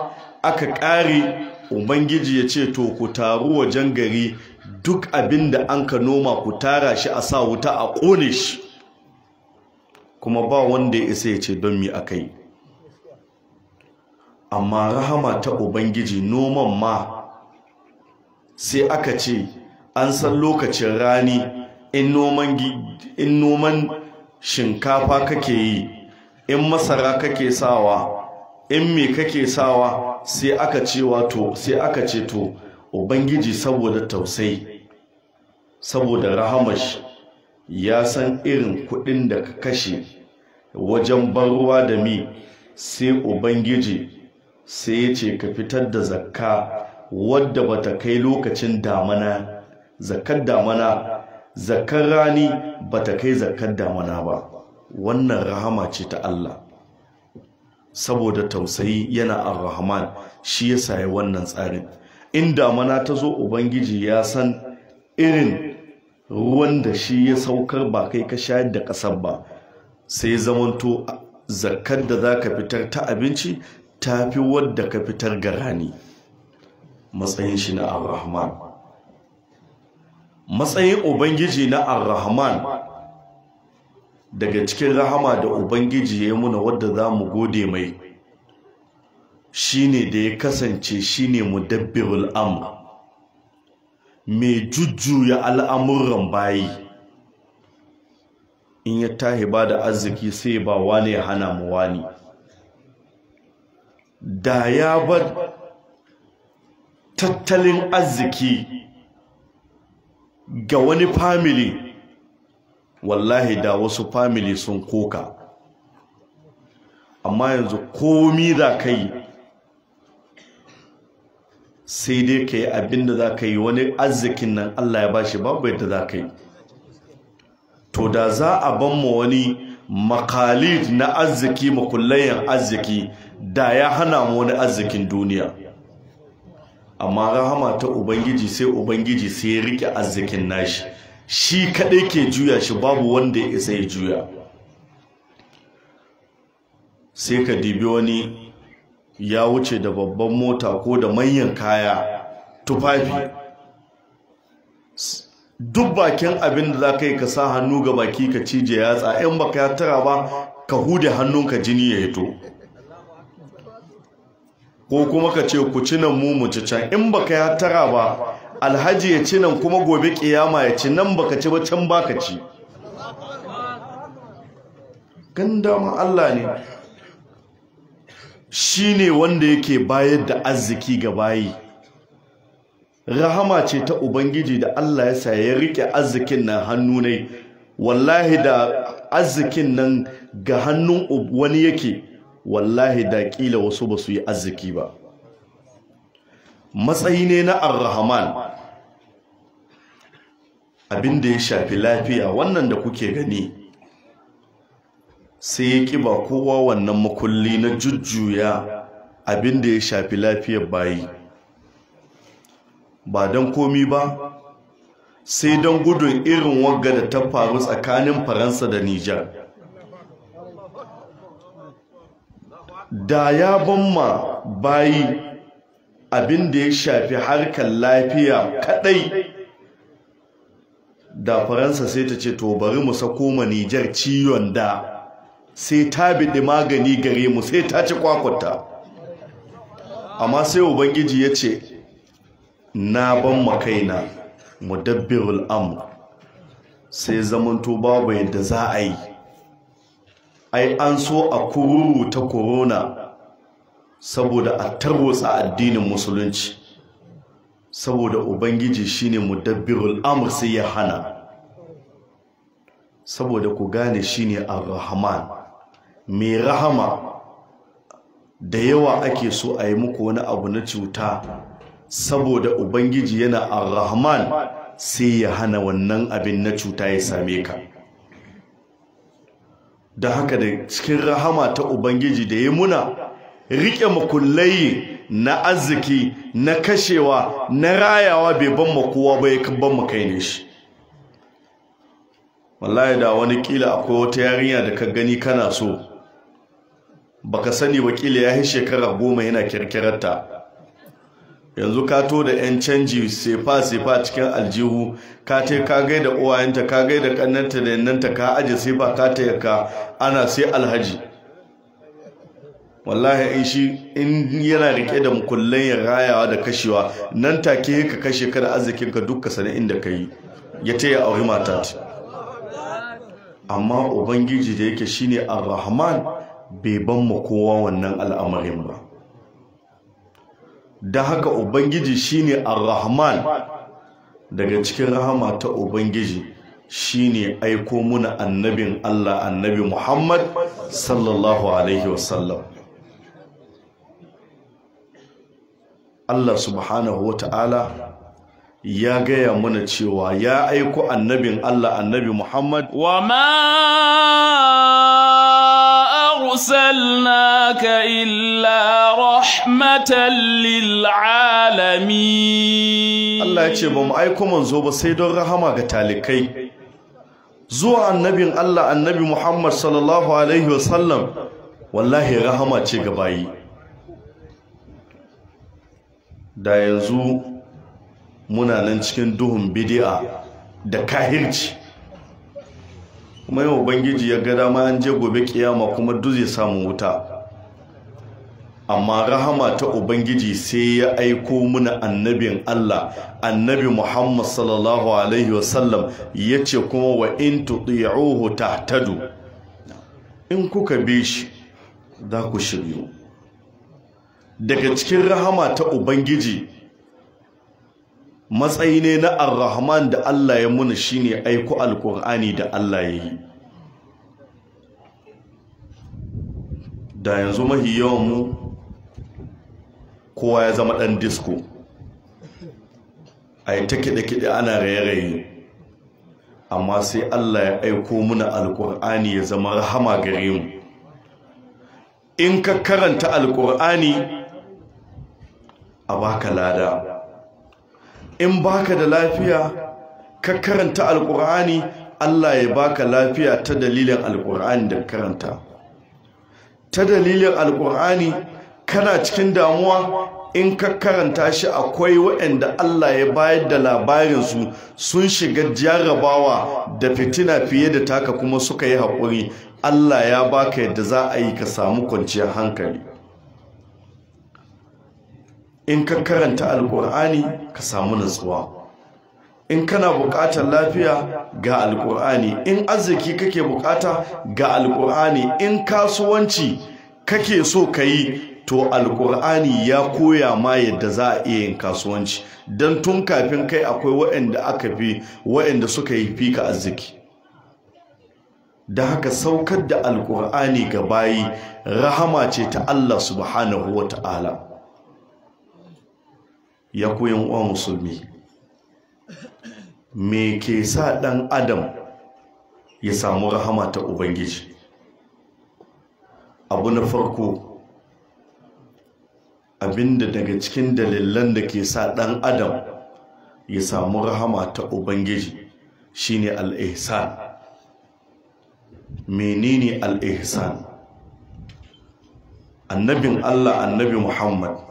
aka ƙare ubangiji ya ce to ku taru wajen gari duk abin da an ka noma ku tara shi a sa wuta a ƙone shi kuma ba wanda ya isa ya ce don mi a kai amma rahama ta ubangiji noman ma sai aka ce an san lokacin rani in noman shinkafa kake yi in masara kake sawa in me kake sawa sai aka ce wato sai aka ce to ubangiji saboda tausayi saboda rahamar ya san irin kudin da ka kashe wajen ban ruwa da mi sai ubangiji sai ya ce ka fitar da zakka wadda ta kai lokacin damana zakkar damana zakkar rani ba ta kai zakkar damana ba wannan rahama ce ta Allah saboda tausayi yana a rahman shi ya sayi wannan tsarin in damana ta zo ubangiji ya san irin ruwan da shi ya saukar ba kai ka shayar da ƙasar ba sai zamanto zakkar da za ka fitar ta abinci ta fi wadda ka fitar ga rani matsayin shi na al rahman matsayin ubangiji na al rahman daga cikin rahama da ubangiji ya yi muna wadda za mu gode mai shine da ya kasance shine mudabbirul amr mai jujjuya al'amuran bayi in ya tahi ba da arziki sai ba wani ya hana mu wani da ya bar tattalin arziki ga wani family wallahi da wasu family sun koka amma yanzu komi za ka yi sai dai ka yi abinda za ka yi wani arzikin nan Allah ya bashi babu yadda za ka yi to da za a ban ma wani makalid na arziki makullayen arziki da ya hana mu wani arzikin duniya amma rahama ta ubangiji sai ubangiji sai ya rike arzikin nashi shi kadai ke juya shi babu wanda ya isa ya juya sai ka dibi wani ya wuce da babban mota ko da manyan kaya tufafi duk bakin abin da za ka yi ka sa hannu ga baki ka cije yatsa in baka ya tara ba ka hude hannunka jini ya hito ko kuma ka ce ku ci nan mu mu ci can in baka ya tara ba alhaji ya ci nan kuma gobe kiyama ya ci nan baka ci ba can baka ci ganda ma Allah ne shine wanda yake bayar da arziki ga bayi rahama ce ta ubangiji da Allah ya sa ya rike arzikin nan hannu ne wallahi da arzikin nan ga hannun wani yake wallahi da kila wasu ba su yi arziki ba matsayi ne na arrahman rahman abin ya shafi lafiya wannan da kuke gani sai ya ƙi ba kowa wannan makulli na jujjuya abinda ya shafi lafiyar bayi ba don komi ba sai don gudun irin wagga da ta faru tsakanin faransa da nijar da ya banma bayi abin da ya shafi harkar lafiya kadai da faransa sai ta ce to bari mu sako ma Nijar ciwon da sai ta biɗi magani gare mu sai ta ci kwakwata amma sai ubangiji ya ce na ban makaina dabbirul amr sai zamanto babu yadda za a yi ai an so a kururu ta korona saboda a tarwatsa addinin musulunci saboda ubangiji shine mudabbirul amr sai ya hana saboda ku gane shine ar-rahman mai rahama da yawa ake so a yi muku wani abu na cuta saboda ubangiji yana ar-rahman sai ya hana wannan abin na cuta ya same ka da haka da cikin rahama ta ubangiji da ya muna riƙe makullai na arziki na kashewa na rayawa bai ban mu kowa ba ya ban mu kai ne shi wallahi da wani ƙila akwai wata yarinya da ka gani kana so baka sani ba kila ya yi shekara goma yana kirkirarta yanzu ka to da 'yan canji sefa-sefa cikin aljihu ka ce ka gaida uwayenta ka gaida kannanta da yannanta ka aje sefa ka ta yaka ana sai alhaji wallahi in shi in yana rike da mukullan ya rayawa da kashewa nan take ka kashe ka da arzikin ka dukka sanin inda ka yi ya ce ya auri mata amma ubangiji da yake shine ar-rahman bai ban mu kowa wannan al'amarin ba da haka ubangiji shine ar-rahman daga cikin rahama ta ubangiji shine aiko muna annabin Allah annabi Muhammad sallallahu alaihi wasallam Allah subhanahu wata'ala ya gaya mana cewa ya aiko annabin Allah annabi Muhammad wa ma أرسلناك إلا رحمة للعالمين الله يكشف ba sai don سيدور ga talikai. zuwa annabin Allah annabi Muhammad sallallahu alaihi wasallam wallahi rahama ce ga bayi da yanzu muna nan cikin duhun bidi'a da kahirci kuma yau ubangiji ya ga dama an je gobe kiyama kuma duk zai samu wuta amma rahama ta ubangiji sai ya aiko muna annabin Allah annabi Muhammad sallallahu alaihi wasallam yace kuma wa in tuti'uhu tahtadu in kuka bi shi za ku shiryu daga cikin rahama ta ubangiji matsayi ne na al rahman da Allah ya muna shine aiko alkur'ani da Allah ya yi da yanzu mahi yawan mu kowa ya zama ɗan disko a yi ta kiɗe-kiɗe ana raye-raye amma sai Allah ya aiko muna alkur'ani ya zama rahama gare mu in ka karanta alkur'ani a baka lada in baka da lafiya ka karanta alkur'ani Allah ya baka lafiya ta dalilin alkur'ani da karanta ta dalilin alkur'ani kana cikin damuwa in ka karanta shi akwai waɗanda Allah ya bayar da labarinsu sun shiga jarabawa da fitina fiye da taka kuma suka yi haƙuri Allah ya baka yadda za a yi ka samu kwanciyar hankali in ka karanta alkur'ani ka samu nutsuwa in kana buƙatar lafiya ga alkur'ani in arziki kake buƙata ga alkur'ani in kasuwanci kake so ka yi to alkur'ani ya koya ma yadda za a iya yin kasuwanci don tun kafin kai akwai waɗanda aka fi waɗanda suka yi fi ka arziki da haka saukar da alkur'ani ga bayi rahama ce ta Allah subhanahu wa ta'ala ya ku uwa musulmi me ke sa ɗan adam ya samu rahama ta ubangiji abu na farko abinda daga cikin dalilan da ke sa ɗan adam ya samu rahama ta ubangiji shine al'ihsan menene al'ihsan annabin allah annabi muhammad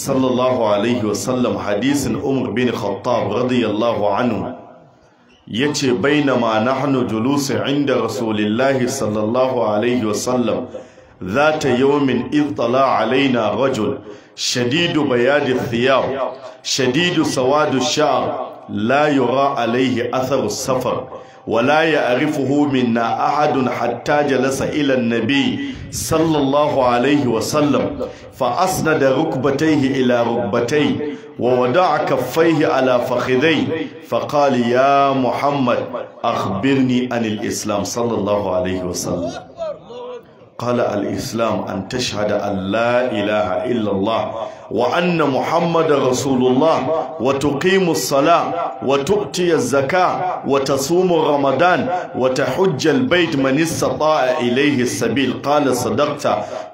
sallallahu alaihi wasallam hadisin umar bin khattab radiyallahu anhu ya ce bainama nahnu julusin inda rasulillahi sallallahu alaihi wasallam ذات يوم إذ طلع علينا رجل شديد بياد الثياب شديد سواد الشعر لا يرى عليه أثر السفر wala ya'rifuhu minna ahadun hatta jalasa ila nabi sallallahu alaihi wa sallam fa asnada rukbatayhi ila rukbatayhi ووضع كفيه على فخذيه فقال يا محمد أخبرني عن الإسلام صلى الله عليه وسلم قال الإسلام أن تشهد أن لا إله إلا الله وأن محمد رسول الله وتقيم الصلاة وتؤتي الزكاة وتصوم رمضان وتحج البيت من استطاع إليه السبيل قال صدقت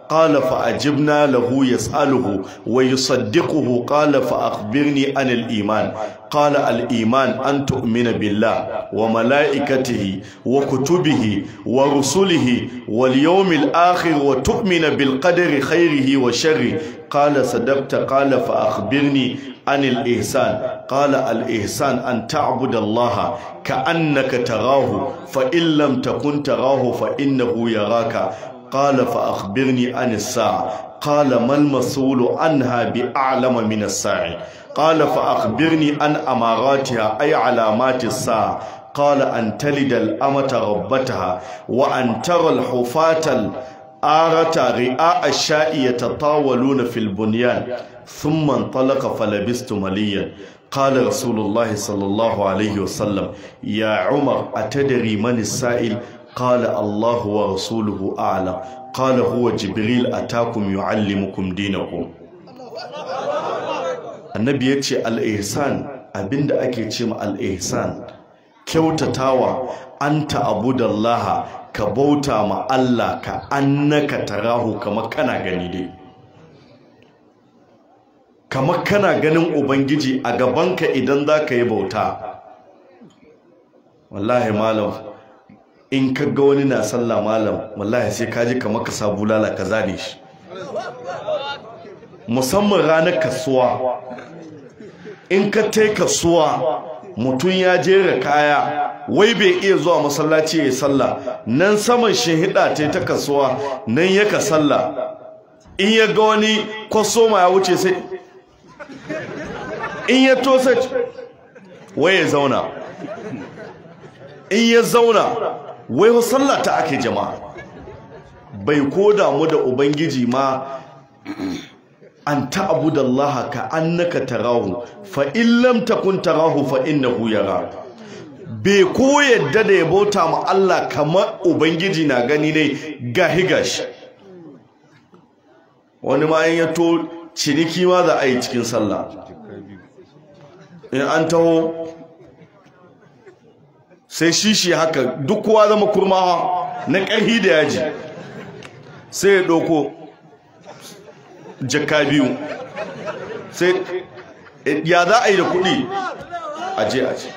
قال فأجبنا له يسأله ويصدقه قال فأخبرني عن الإيمان قال الإيمان أن تؤمن بالله وملائكته وكتبه ورسله واليوم الآخر وتؤمن بالقدر خيره وشره قال صدقت قال فأخبرني عن الإحسان قال الإحسان أن تعبد الله كأنك تراه فإن لم تكن تراه فإنه يراك qala fa akhbirni an as-sa'a qala mal masulu anha bi a'lama min as-sa'i qala fa akhbirni an amaratiha ay alamati as-sa'a قال أن تلد الأمة ربتها وأن ترى الحفاة الآرة رئاء الشاء يتطاولون في البنيان ثم انطلق فلبست مليا قال رسول الله صلى الله عليه وسلم يا عمر أتدري من السائل qala Allah wa rasuluhu a'lam qala huwa jibril atakum yuallimukum dinakum annabi ya ce abinda ake ce ma al-ihsan kyautatawa anta abudallaha ka bauta ma Allah ka annaka tarahu kamar kana gani dai kamar kana ganin ubangiji a gabanka idan za ka yi bauta wallahi malam in ka wani na sallah malam wallahi sai ka ji kamar ka sabu lala ka zane shi musamman ranar kasuwa in ka tai kasuwa mutum ya jera kaya wai bai iya zuwa masallaci ya yi sallah nan saman shi hida ta ta kasuwa nan ya ka sallah in ya ga wani kwaso ma ya wuce sai in ya tosa wai ya zauna in ya zauna wai sallah ta ake jama'a bai ko damu da ubangiji ma an ta'budallaha ka annaka tarahu fa in lam takun tarahu fa innahu yara bai ko yadda da ya bauta ma Allah kamar ubangiji na gani ne gahi gashi wani ma ya to ciniki ma za a yi cikin sallah in an taho sai shi shi haka duk kowa zama kurmawa na ƙarhi da yaji sai ya ɗauko jaka biyu sai eh, ya za a yi da kuɗi aje aje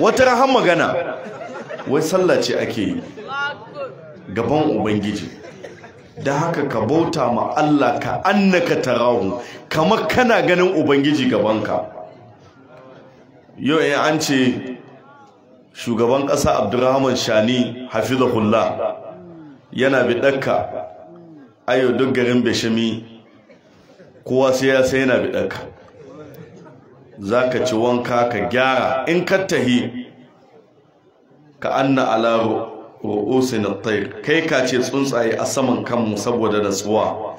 wata rahan magana wai sallace ake yi gaban ubangiji da haka ka bauta ma Allah ka annaka tarahu kamar kana ganin ubangiji gabanka yau eh, an ce shugaban ƙasa abdurrahman shani hafizahullah yana biɗakka ayo duk garin beshami kowa sai ya sai yana biɗakka za ka ci wanka ka gyara in ka tahi ka anna ala ru'usin tayr kai ka ce tsuntsaye a saman kanmu saboda natsuwa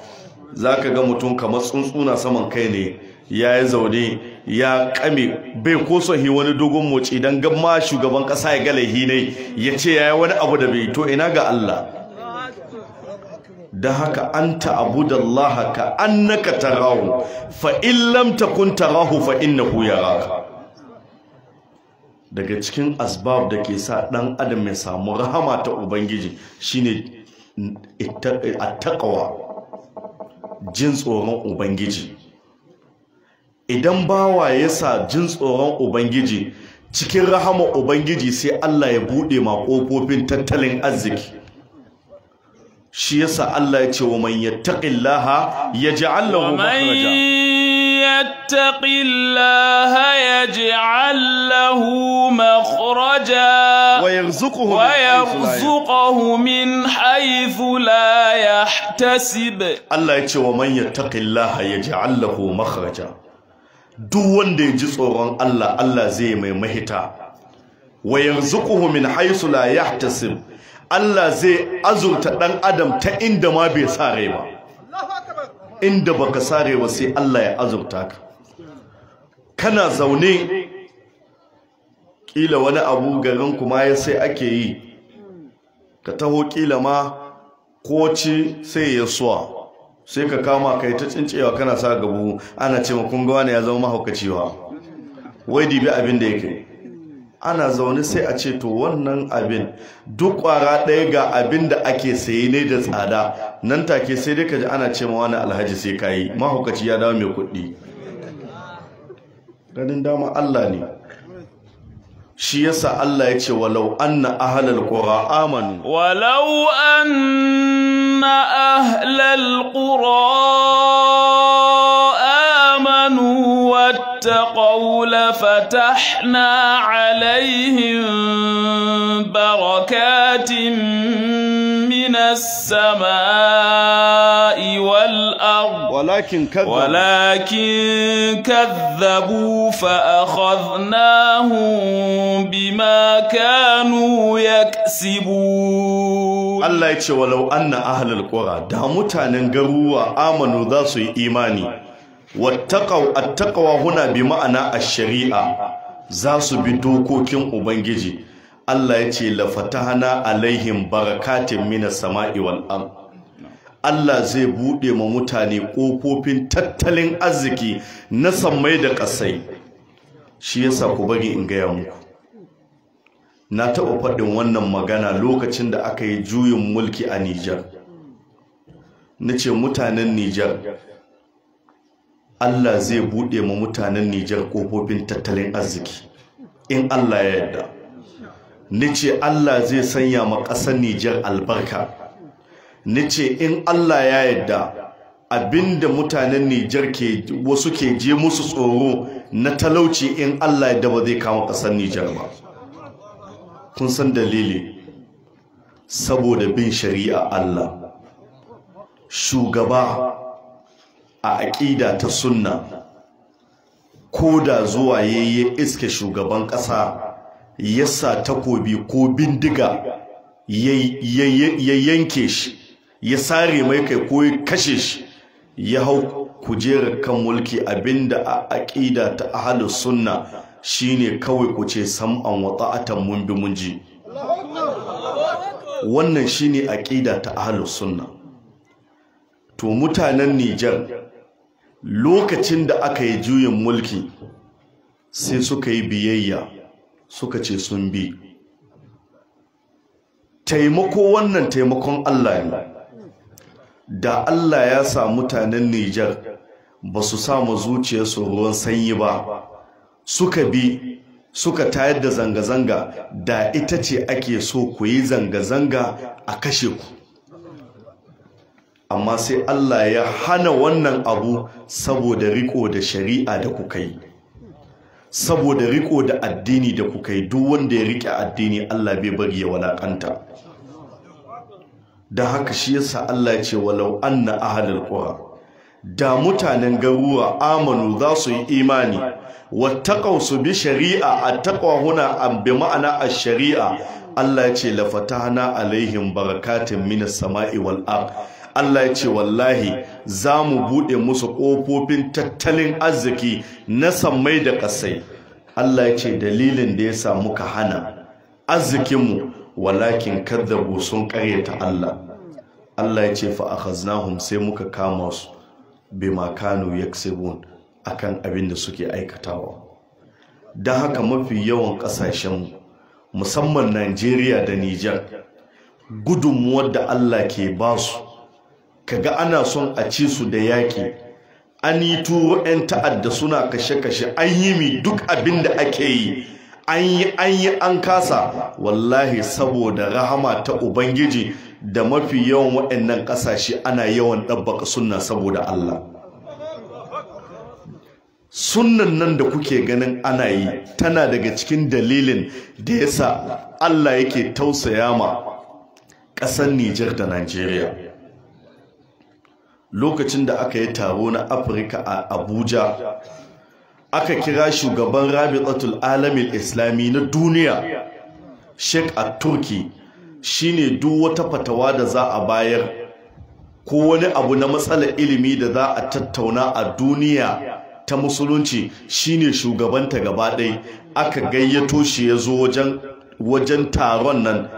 za ka ga mutum kamar tsuntsuna saman kai ne ya yi zaune ya kame bai ko sahi wani dogon motsi dan gama shugaban kasa ya ga laihi ne ya ce yayi wani abu da bai to ina ga Allah da haka an abudallaha ka annaka an fa in lam takun tarahu fa huya raka. daga cikin asbab da ke sa ɗan adam ya samu rahama ta ubangiji shine taƙawa jin tsoron ubangiji idan bawa ya sa jin tsoron ubangiji cikin rahama ubangiji sai Allah ya bude ma kofofin tattalin arziki shi yasa Allah ya ce wa man ya yaj'al lahu makhraja yattaqillaha yaj'al lahu makhraja wa yarzuquhu wa yarzuquhu min haythu la yahtasib Allah ya ce wa lahu duk wanda ya ji tsoron Allah Allah zai mai mahita wa yanzu kuhu min haisu la yahtasib Allah zai azurta dan adam ta inda ma bai sare ba inda baka sare ba sai Allah ya azurta ka kana zaune kila wani abu garin kuma ya sai ake yi ka taho kila ma ko koci sai ya suwa sai ka kama kai ta tsincewa kana sa gabu ana ce ma kun ya zama mahaukaciwa wai dibi abin da yake ana zaune sai a ce to wannan abin duk kwara ɗaya ga abin da ake sayi ne da tsada nan take sai dai ka ji ana ce ma wani alhaji sai ka yi mahaukaci ya dawo mai kuɗi ganin dama Allah ne shi yasa Allah ya ce walau anna ahlal qura amanu walau an أن أهل القرى آمنوا واتقوا لفتحنا عليهم بركات من من السماء والأرض ولكن كذبوا, ولكن كذبوا فأخذناهم بما كانوا يكسبون الله يتشي ولو أن أهل القرى دامتا ننقروا آمنوا ذاسوا إيماني wattaqaw attaqwa huna bi ma'ana ash-shari'a za su bi dokokin ubangiji Allah ya ce lafatahana alaihim barakatin minas sama'i wal am Allah zai buɗe ma mutane ƙofofin tattalin arziki na sammai da ƙasai shi yasa ku bari in gaya muku na taɓa faɗin wannan magana lokacin da aka yi juyin mulki a Nijar na ce mutanen Nijar Allah zai buɗe ma mutanen Nijar ƙofofin tattalin arziki in Allah ya yarda nice Allah zai sanya ma ƙasar Nijar albarka nice in Allah ya yadda abinda mutanen Nijar ke wasu ke je musu tsoro na talauci in Allah ya ba zai kama ƙasar Nijar ba kun san dalili saboda bin shari'a Allah shugaba a aƙida ta sunna ko da zuwa yayye iske shugaban ƙasa ya sa takobi ko bindiga ya yanke shi ya sare mai kai ko ya kashe shi ya hau kujerar kan mulki abinda a aƙida ta ahalu sunna shine kawai ku ce sam'an wa ta'atan mun bi mun ji wannan shine aƙida ta ahalu sunna to mutanen Nijar lokacin da aka yi juyin mulki sai suka yi biyayya suka ce sun bi taimako wannan taimakon Allah ne da Allah ya sa mutanen Nijar ba su samu zuciyarsu ruwan sanyi ba suka bi suka tayar da zanga-zanga da ita ce ake so ku yi zanga-zanga a kashe ku amma sai Allah ya hana wannan abu saboda riko da shari'a da kuka yi saboda riko da addini da kuka yi duk wanda ya rike addini Allah bai bari ya walakanta da haka shi yasa Allah ya ce walau anna ahlul qura da mutanen garuwa amanu za su yi imani wattaqaw su bi shari'a attaqwa huna bi ma'ana ash-shari'a Allah ya ce lafatahna alaihim barakatin minas sama'i wal ardh Allah ya ce wallahi za mu buɗe musu ƙofofin tattalin arziki na sammai da ƙasai Allah ya ce dalilin da ya sa muka hana arzikinmu walakin kaddabu sun ƙaryata Allah Allah ya ce fa akhaznahum sai muka kama su bima kanu yaksibun akan abin da suke aikatawa don haka mafi yawan ƙasashen musamman Najeriya da Nijar gudunmuwar da Allah ke basu kaga ana son a ci su da yaƙi an yi turo 'yan ta'adda suna kashe-kashe an yi mi duk abin da ake yi an yi an yi an kasa wallahi saboda rahama ta ubangiji da mafi yawan waɗannan ƙasashe ana yawan ɗabbaka suna saboda Allah Sunan nan da kuke ganin ana yi tana daga cikin dalilin da ya sa Allah yake tausaya ma ƙasar Nijar da Najeriya lokacin da aka yi taro na afirka a abuja aka kira shugaban rabitatul alamil islami na duniya sheik a turki shine duk wata fatawa da za a bayar ko wani abu na matsalar ilimi da za a tattauna a duniya ta musulunci shine shugabanta gaba ɗaya aka gayyato shi ya zo wajen taron nan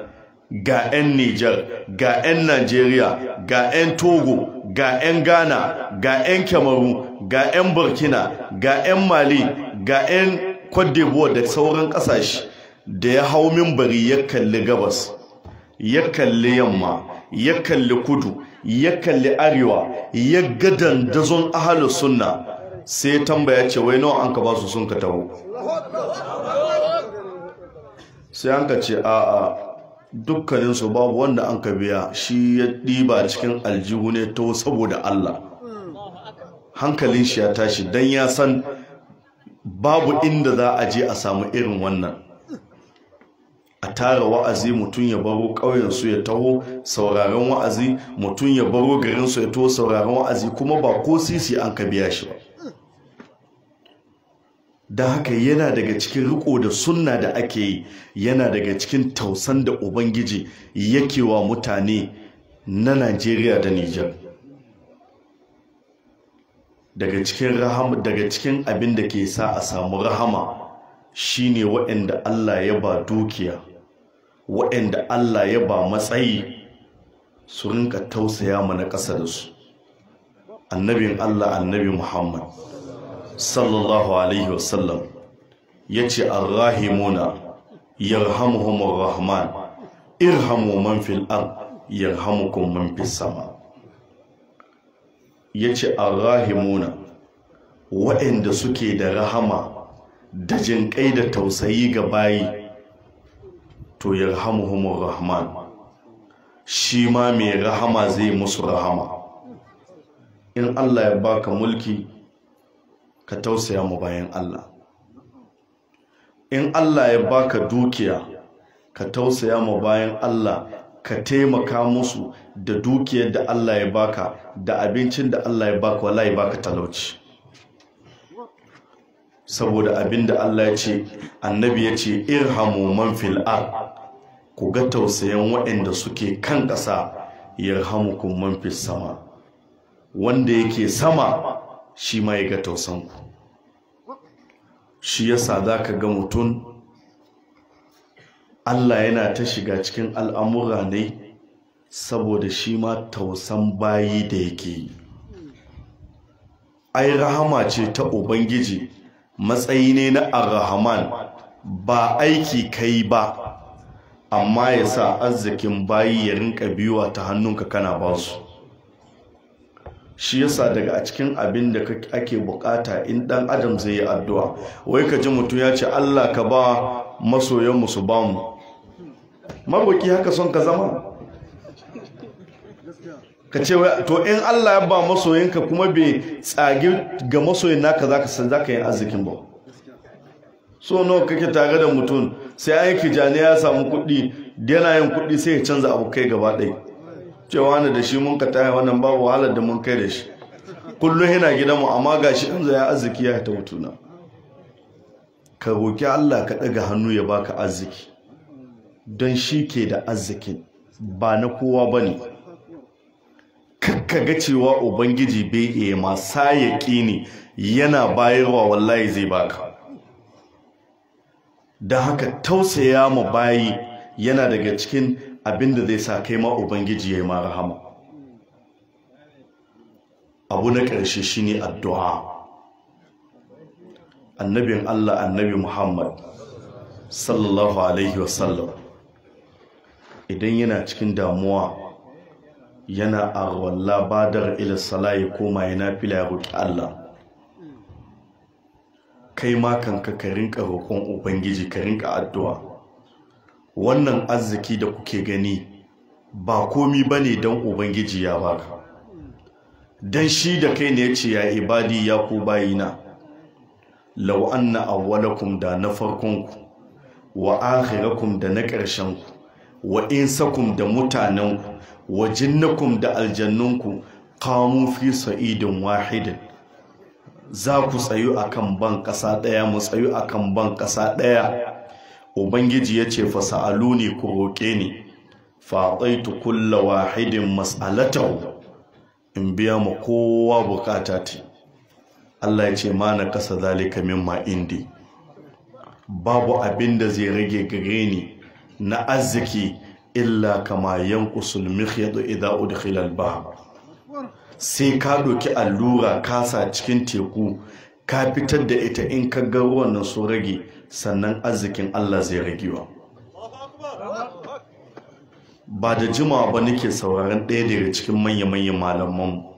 ga 'yan Nijar, ga 'yan Najeriya, ga 'yan Togo, ga 'yan Ghana, ga 'yan Kamaru, ga 'yan Burkina, ga 'yan Mali, ga 'yan Cote da sauran ƙasashe da ya hau bari ya kalli gabas, ya kalli yamma, ya kalli kudu, ya kalli arewa, ya ga dandazon ahalus sunna sai tambaya ce wai nawa an ka ba su sun ka taho. Sai an ka ce a'a dukkaninsu babu wanda an ka biya shi ya ɗiba cikin aljihu ne to saboda Allah hankalin shi ya tashi don ya san babu inda za a je a samu irin wannan a tara wa'azi mutum ya baro ƙauyensu ya taho sauraron wa'azi mutum ya baro garinsu ya taho sauraron wa'azi kuma ba ko sisi an ka biya shi ba da haka yana daga cikin riko da sunna da ake yi yana daga cikin tausan da ubangiji yake wa mutane na najeriya da nijar daga cikin rahama daga cikin abin da ke sa a samu rahama shine waɗanda allah ya ba dukiya waɗanda allah ya ba matsayi su rinka tausaya mana ƙasa da su annabin allah annabi muhammad sallallahu alaihi wasallam ya ce arrahimuna yarhamuhumur rahman irhamu man fil ard yarhamukum man fis sama ya ce arrahimuna waɗanda suke da rahama da jin ƙai da tausayi ga bayi to yarhamuhumur rahman shi ma mai rahama zai musu rahama in Allah ya baka mulki ka tausaya mu bayan Allah in Allah ya baka dukiya ka tausaya mu bayan Allah ka taimaka musu da dukiyar da Allah ya baka da abincin da Allah ya baka wallahi baka talauci saboda abin da Allah ya ce annabi ya ce irhamu man fil 'ar ku ga tausayan waɗanda suke kan ƙasa yarhamukum man fil sama wanda yake sama shi ma ya ga tausanku shi yasa za ka ga mutum Allah yana ta shiga cikin al'amura ne saboda shi ma tausan bayi da yake yi ai rahama ce ta ubangiji matsayi ne na arahaman ba aiki kai ba amma ya sa arzikin bayi ya rinka biyuwa ta hannunka kana ba su shi yasa daga a cikin abin da ake bukata in dan adam zai yi addu'a wai ka ji mutum ya ce Allah ka ba masoyan su ba mu maboki haka son ka zama ka ce wai to in Allah ya ba masoyinka kuma bai tsage ga masoyin naka zaka san zaka yi arzikin ba so nawa kake tare da mutum sai aiki yi ya samu kuɗi yana yin kuɗi sai ya canza abokai gaba ɗaya cewa ne da shi mun ka taya wannan babu wahalar da mun kai da shi kullum yana gidan mu, amma ga shi in zaya arziki ya ta wutuna ka roki Allah ka ɗaga hannu ya baka arziki don shi ke da arzikin ba na kowa ba ne ga cewa ubangiji bai iya masa ya ne yana bayarwa wallahi zai baka da haka tausaya ma bayi yana daga cikin abinda zai sa kai ma ubangiji ya yi ma rahama abu na ƙarshe shine addu'a annabin Allah annabi Muhammad sallallahu alaihi wasallam idan yana cikin damuwa yana arwalla da ila ya koma yana fila ya roƙi Allah kai ma kanka ka rinka roƙon ubangiji ka rinka addu'a wannan arziki da kuke gani ba komi ba ne don ubangiji ya baka don shi da kai ne ce ya ibadi ya ku bayina lau anna awwalakum da na farkonku wa akhirakum da na ƙarshenku wa insakum da mutanenku wa jinnakum da aljannunku kamu fi sa'idin wahidin za ku tsayu akan ban ƙasa ɗaya mu tsayu akan ban ƙasa ɗaya ubangiji ya ce fasa'aluni ku roƙe ni faɗaitu kulla wahidin mas'alatahu in biya ma kowa bukata ta Allah ya ce ma na kasa zalika mimma indi babu abin da zai rage gare ni na arziki illa kama yankusul mikhyadu idza udkhila al ba. sai ka doki allura kasa cikin teku ka fitar da ita in ka ga ruwan nan so rage sannan arzikin Allah zai ragewa ba da jimawa ba nake sauraron ɗaya daga cikin manya-manyan malamanmu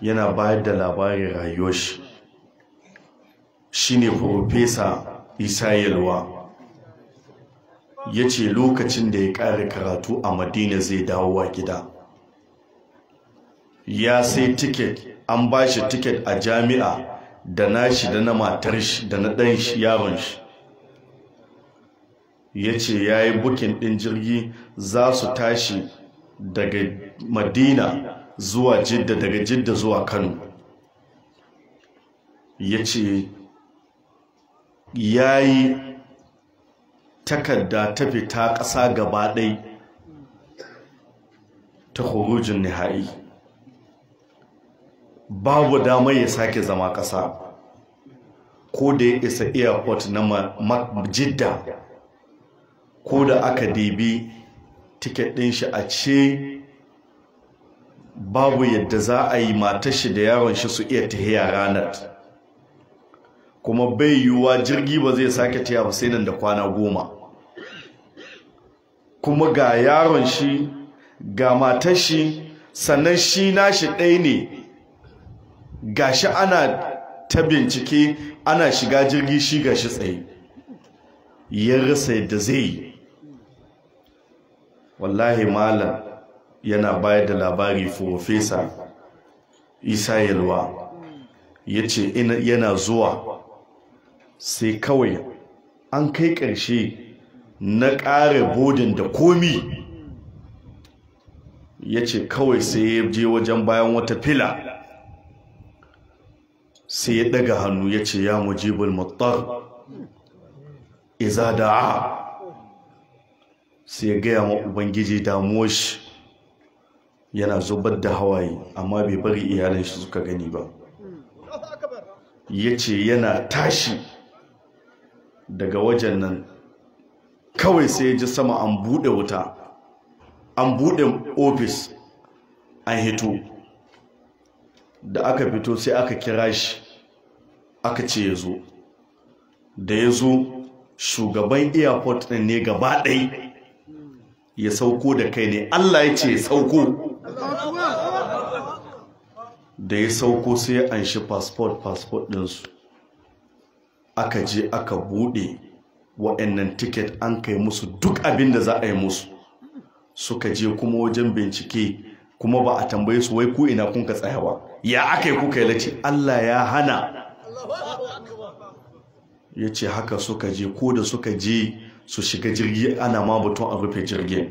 yana bayar da labarin rayuwar shi ne profesa isa yalwa ya ce lokacin da ya ƙara karatu a madina zai dawo a gida ya sai tiket an ba shi tiket a jami'a da nashi da na matar shi da na ɗan shi yaron shi ya ce ya yi bukin ɗin jirgi za su tashi daga madina zuwa jidda daga jidda zuwa kano ya ce ya yi takarda ta fita ƙasa gaba ɗai ta horojin nihai babu damar ya sake zama ƙasa ko da ya isa airport na jidda ko da aka dibi tiket ɗin shi a ce babu yadda za a yi matashi da yaron shi su iya tahiya ranar kuma bai yiwuwa jirgi ba zai sake taya ba sai nan da kwana goma kuma ga yaron shi ga matar shi sannan shi nashi ɗaya ne gashi ana ta bincike ana shiga jirgi shi gashi tsaye ya rasa yadda zai yi wallahi malam yana bayar da labari fofesa isa yalwa ya ce yana zuwa sai kawai an kai ƙarshe na ƙara bodin da komi ya ce kawai sai ya je wajen bayan wata fila sai ya daga hannu ya ce ya mujibul muttar iza da'a sai ya gaya ma ubangiji damuwar shi yana zubar da hawaye amma bai bari iyalan shi suka gani ba ya ce yana tashi daga wajen nan kawai sai ya ji sama an buɗe wuta an buɗe ofis an hito da aka fito sai aka kira shi aka ce ya zo da ya zo shugaban airport ɗin ne gaba ɗai ya sauko da kai ne allah ya ce ya sauko da ya sauko sai an shi passport passport ɗinsu aka je aka buɗe wa'annan ticket an kai musu duk abin da za a yi musu suka je kuma wajen bincike kuma ba a tambaye su wai ku ina kun ka tsaya ba ya aka yi kuka yi lace allah ya hana ya ce haka suka je ko da suka je su shiga jirgi ana ma mutum a rufe jirgin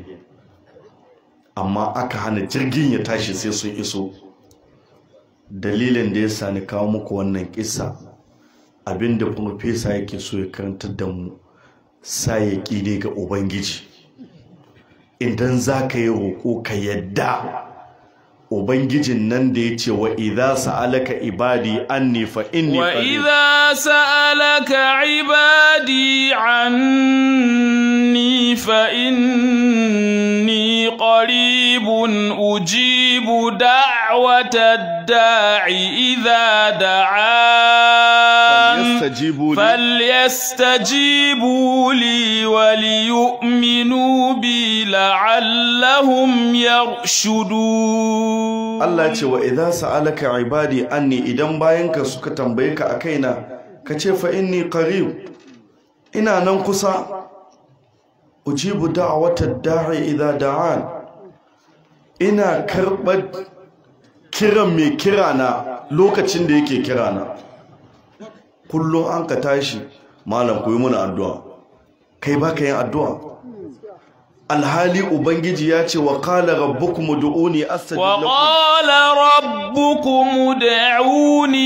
amma aka hana jirgin ya tashi sai sun iso dalilin da ya sani kawo muku wannan kisa abinda farfesa yake so ya karantar da mu sa ya ne ga ubangiji idan za ka yi roƙo ka yadda ubangijin nan da ya ce wa idza sa'alaka ibadi anni fa inni wa idza sa'alaka ibadi anni fa inni qaribun ujibu da'wata da'i idza da'an فليستجيبوا لي وليؤمنوا بي لعلهم يرشدون Allah ce wa idan sa'alaka ibadi anni idan bayan ka suka tambaye ka a kaina ka ce fa inni qarib ina nan kusa ujibu wata da'i idza da'an ina karɓar kiran mai kira na lokacin da yake kirana kullum an ka tashi malam ku yi muna addu'a kai ka yin addu'a alhali ubangiji ya ce wa qala rabbukum ud'uni astajib lakum wa qala rabbukum ud'uni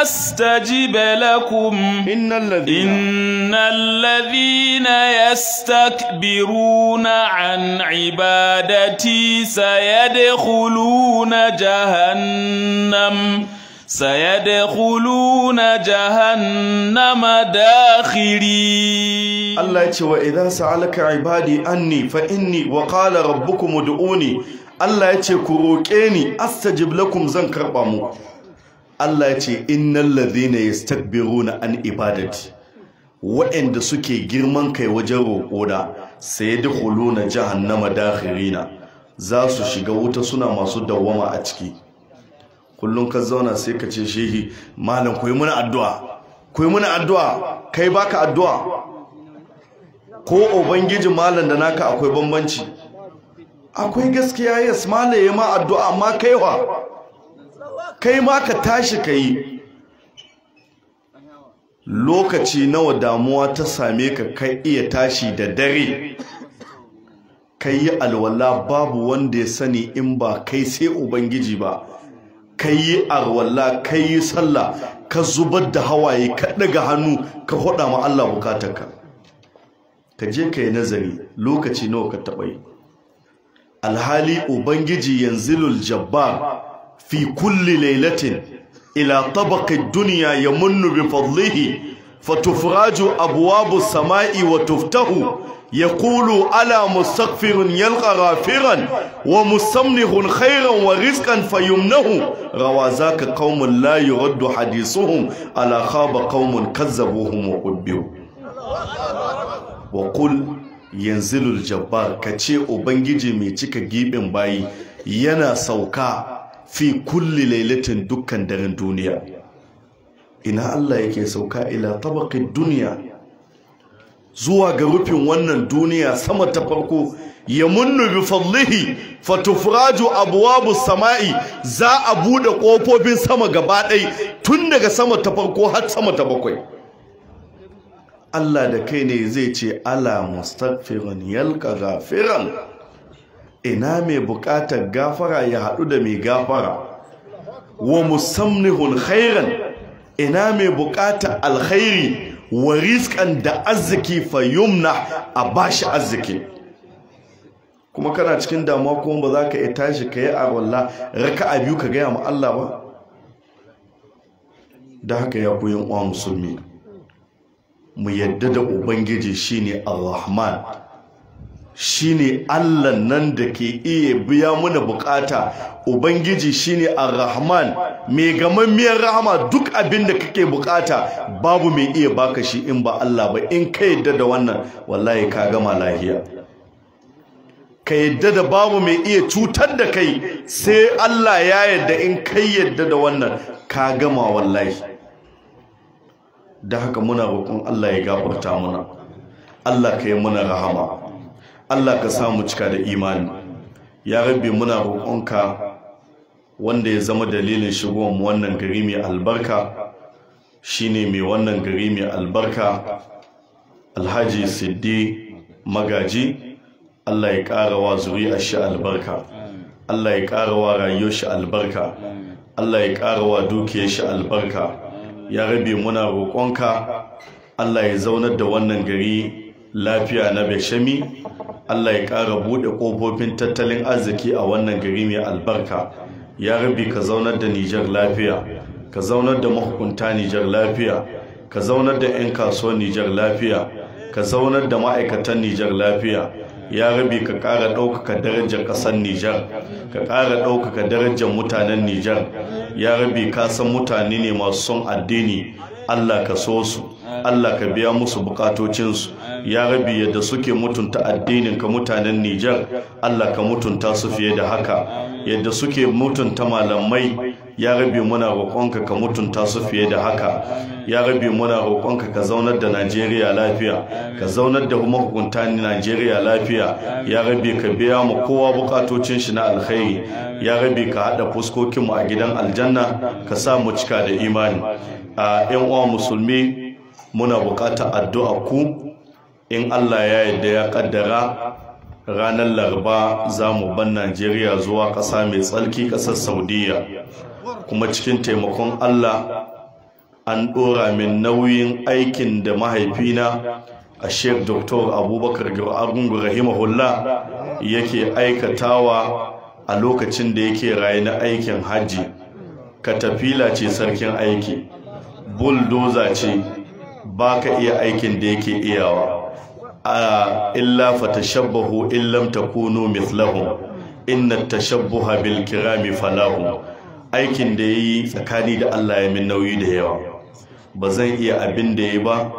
astajib lakum innal ladhina innal ladhina yastakbiruna an ibadati sayadkhuluna jahannam sayadkhuluna jahannama dakhiri Allah ya ce wa idza sa'alaka ibadi anni fa inni wa qala rabbukum ud'uni Allah ya ce ku roƙe ni astajib lakum zan karɓa mu Allah ya ce innal ladhina yastakbiruna an ibadati waɗanda suke girman kai wajen roƙoda sayadkhuluna jahannama dakhirina za su shiga wuta suna masu dawwama a ciki kullum ka zauna sai ka ce shehi malam koyi muna addu'a koyi muna addu'a kai baka addu'a ko ubangiji malam da naka akwai bambanci akwai gaskiya yes malam ya ma addu'a amma kai wa kai ma ka tashi ka yi lokaci nawa damuwa ta same ka kai iya tashi da dare kai yi alwala babu wanda ya sani in ba kai sai ubangiji ba ka yi arwalla ka yi sallah ka zubar da hawaye ka daga hannu ka hoda ma Allah bukatarka ka je ka yi nazari lokaci nawa ka taɓa yi alhali ubangiji yanzu jabbar fi kulli lailatin ila tabaqi dunya yamunnu bi fadlihi fatufraju abwabu samai wa tuftahu يقول على مستغفر يلقى غافرا ومسمنه خيرا ورزقا فيمنه روى ذاك قوم لا يرد حديثهم على خاب قوم كذبوهم وقبوا وقل ينزل الجبار كتي أبنجي ميتك جيب باي ينا سوكا في كل ليلة دكان درن دنيا إن الله يكي سوكا إلى طبق الدنيا zuwa ga rufin wannan duniya sama ta farko ya munnu bi fadlihi fatufraju abwabu sama'i za a bude kofofin sama gaba ɗai tun daga sama ta farko har sama ta bakwai Allah da kai ne zai ce ala mustaghfiran yalqa ghafiran ina mai bukatar gafara ya hadu da mai gafara wa musamnihul khairan ina mai bukatar alkhairi wa da arziki fa yumna a bashi arziki kuma kana cikin damuwa kuma ba za ka iya tashi ka yi arwalla raka'a biyu ka gaya ma Allah ba da haka ya koyin uwa musulmi mu yadda da ubangiji shine ar-rahman shine Allah nan da ke iya biya mana bukata ubangiji shine ar-rahman mai miyar rahama duk abin da kake bukata babu mai iya baka shi in ba Allah ba in ka yadda da wannan wallahi ka gama lahiya ka yadda da babu mai iya cutar da kai sai Allah ya yadda in ka yadda da wannan ka gama wallahi da haka muna roƙon Allah ya gafarta muna Allah ka yi muna rahama Allah ka samu cika da imani ya rabbi muna roƙonka wanda ya zama dalilin shigowar wannan gari mai albarka shine mai wannan gari mai albarka Alhaji Siddi Magaji Allah ya ƙara wa a shi albarka Allah ya ƙara wa rayuwar shi albarka Allah ya ƙara wa dukiyar shi albarka ya rabbi muna roƙonka Allah ya zaunar da wannan gari lafiya na beshami Allah ya ƙara buɗe ƙofofin tattalin arziki a wannan gari mai albarka ya rabi ka zaunar da Nijar lafiya ka zaunar da mahukunta Nijar lafiya ka zaunar da 'yan kasuwar Nijar lafiya ka zaunar da ma'aikatan Nijar lafiya ya rabi ka ƙara ɗaukaka darajar ƙasar Nijar ka ƙara ɗaukaka darajar mutanen Nijar ya rabi ka san mutane ne masu son addini Allah ka so su Allah ka biya musu bukatocinsu ya rabi yadda suke mutunta addinin ka mutanen Nijar Allah ka mutunta su fiye da haka yadda suke mutunta malamai ya rabi muna roƙonka ka mutunta su fiye da haka ya rabi muna roƙonka ka zaunar da Najeriya lafiya ka zaunar da kuma Najeriya lafiya ya rabi ka biya mu kowa bukatocin shi na alkhairi ya rabi ka hada fuskokin mu a gidan aljanna ka sa mu cika da imani a yan uwa musulmi muna bukatar addu'a ku in Allah ya yarda ya kaddara ranar laraba za mu ban Najeriya zuwa ƙasa mai tsarki ƙasar Saudiya kuma cikin taimakon Allah an ɗora min nauyin aikin da mahaifina a sheik Dr. abubakar Rahima, rahimahullah yake aikatawa a lokacin da yake raye na aikin hajji katafila ce sarkin aiki doza ce ba ka iya aikin da yake iyawa illa fatashabbahu illam takunu mithlahum inna tashabbuha bil kirami falahu aikin da yayi tsakani da Allah ya min nauyi da yawa ba zan iya abin da yayi ba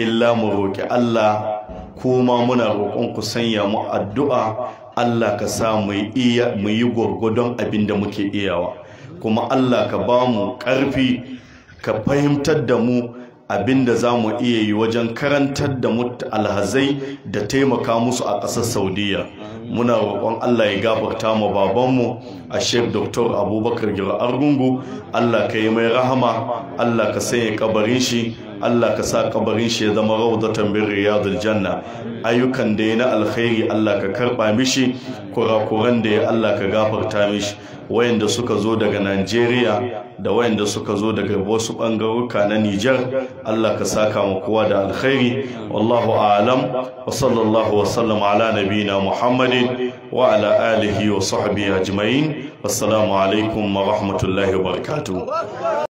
illa mu roki Allah kuma muna roƙon ku sanya mu addu'a Allah ka sa mu iya mu yi gwargwadon abin da muke iyawa kuma Allah ka ba mu ƙarfi ka fahimtar da mu abinda za mu iya yi wajen karantar da alhazai da taimaka musu a ƙasar saudiya muna roƙon allah ya gafarta mu babanmu a shek dr abubakar argungu allah ka yi mai rahama allah ka sanya kabarin shi allah ka sa kabarin shi ya zama raudatan bin riyadul janna ayyukan da ya na alkhairi allah ka karɓa mishi kurakuran da ya allah ka gafarta mishi wayanda suka zo daga Najeriya da wayanda suka zo daga wasu bangaruka na Nijar Allah ka saka mu kowa da alkhairi wallahu a'lam wa sallallahu wa sallam ala nabiyina Muhammadin wa ala alihi wa sahbihi ajma'in assalamu alaikum wa rahmatullahi wa barakatuh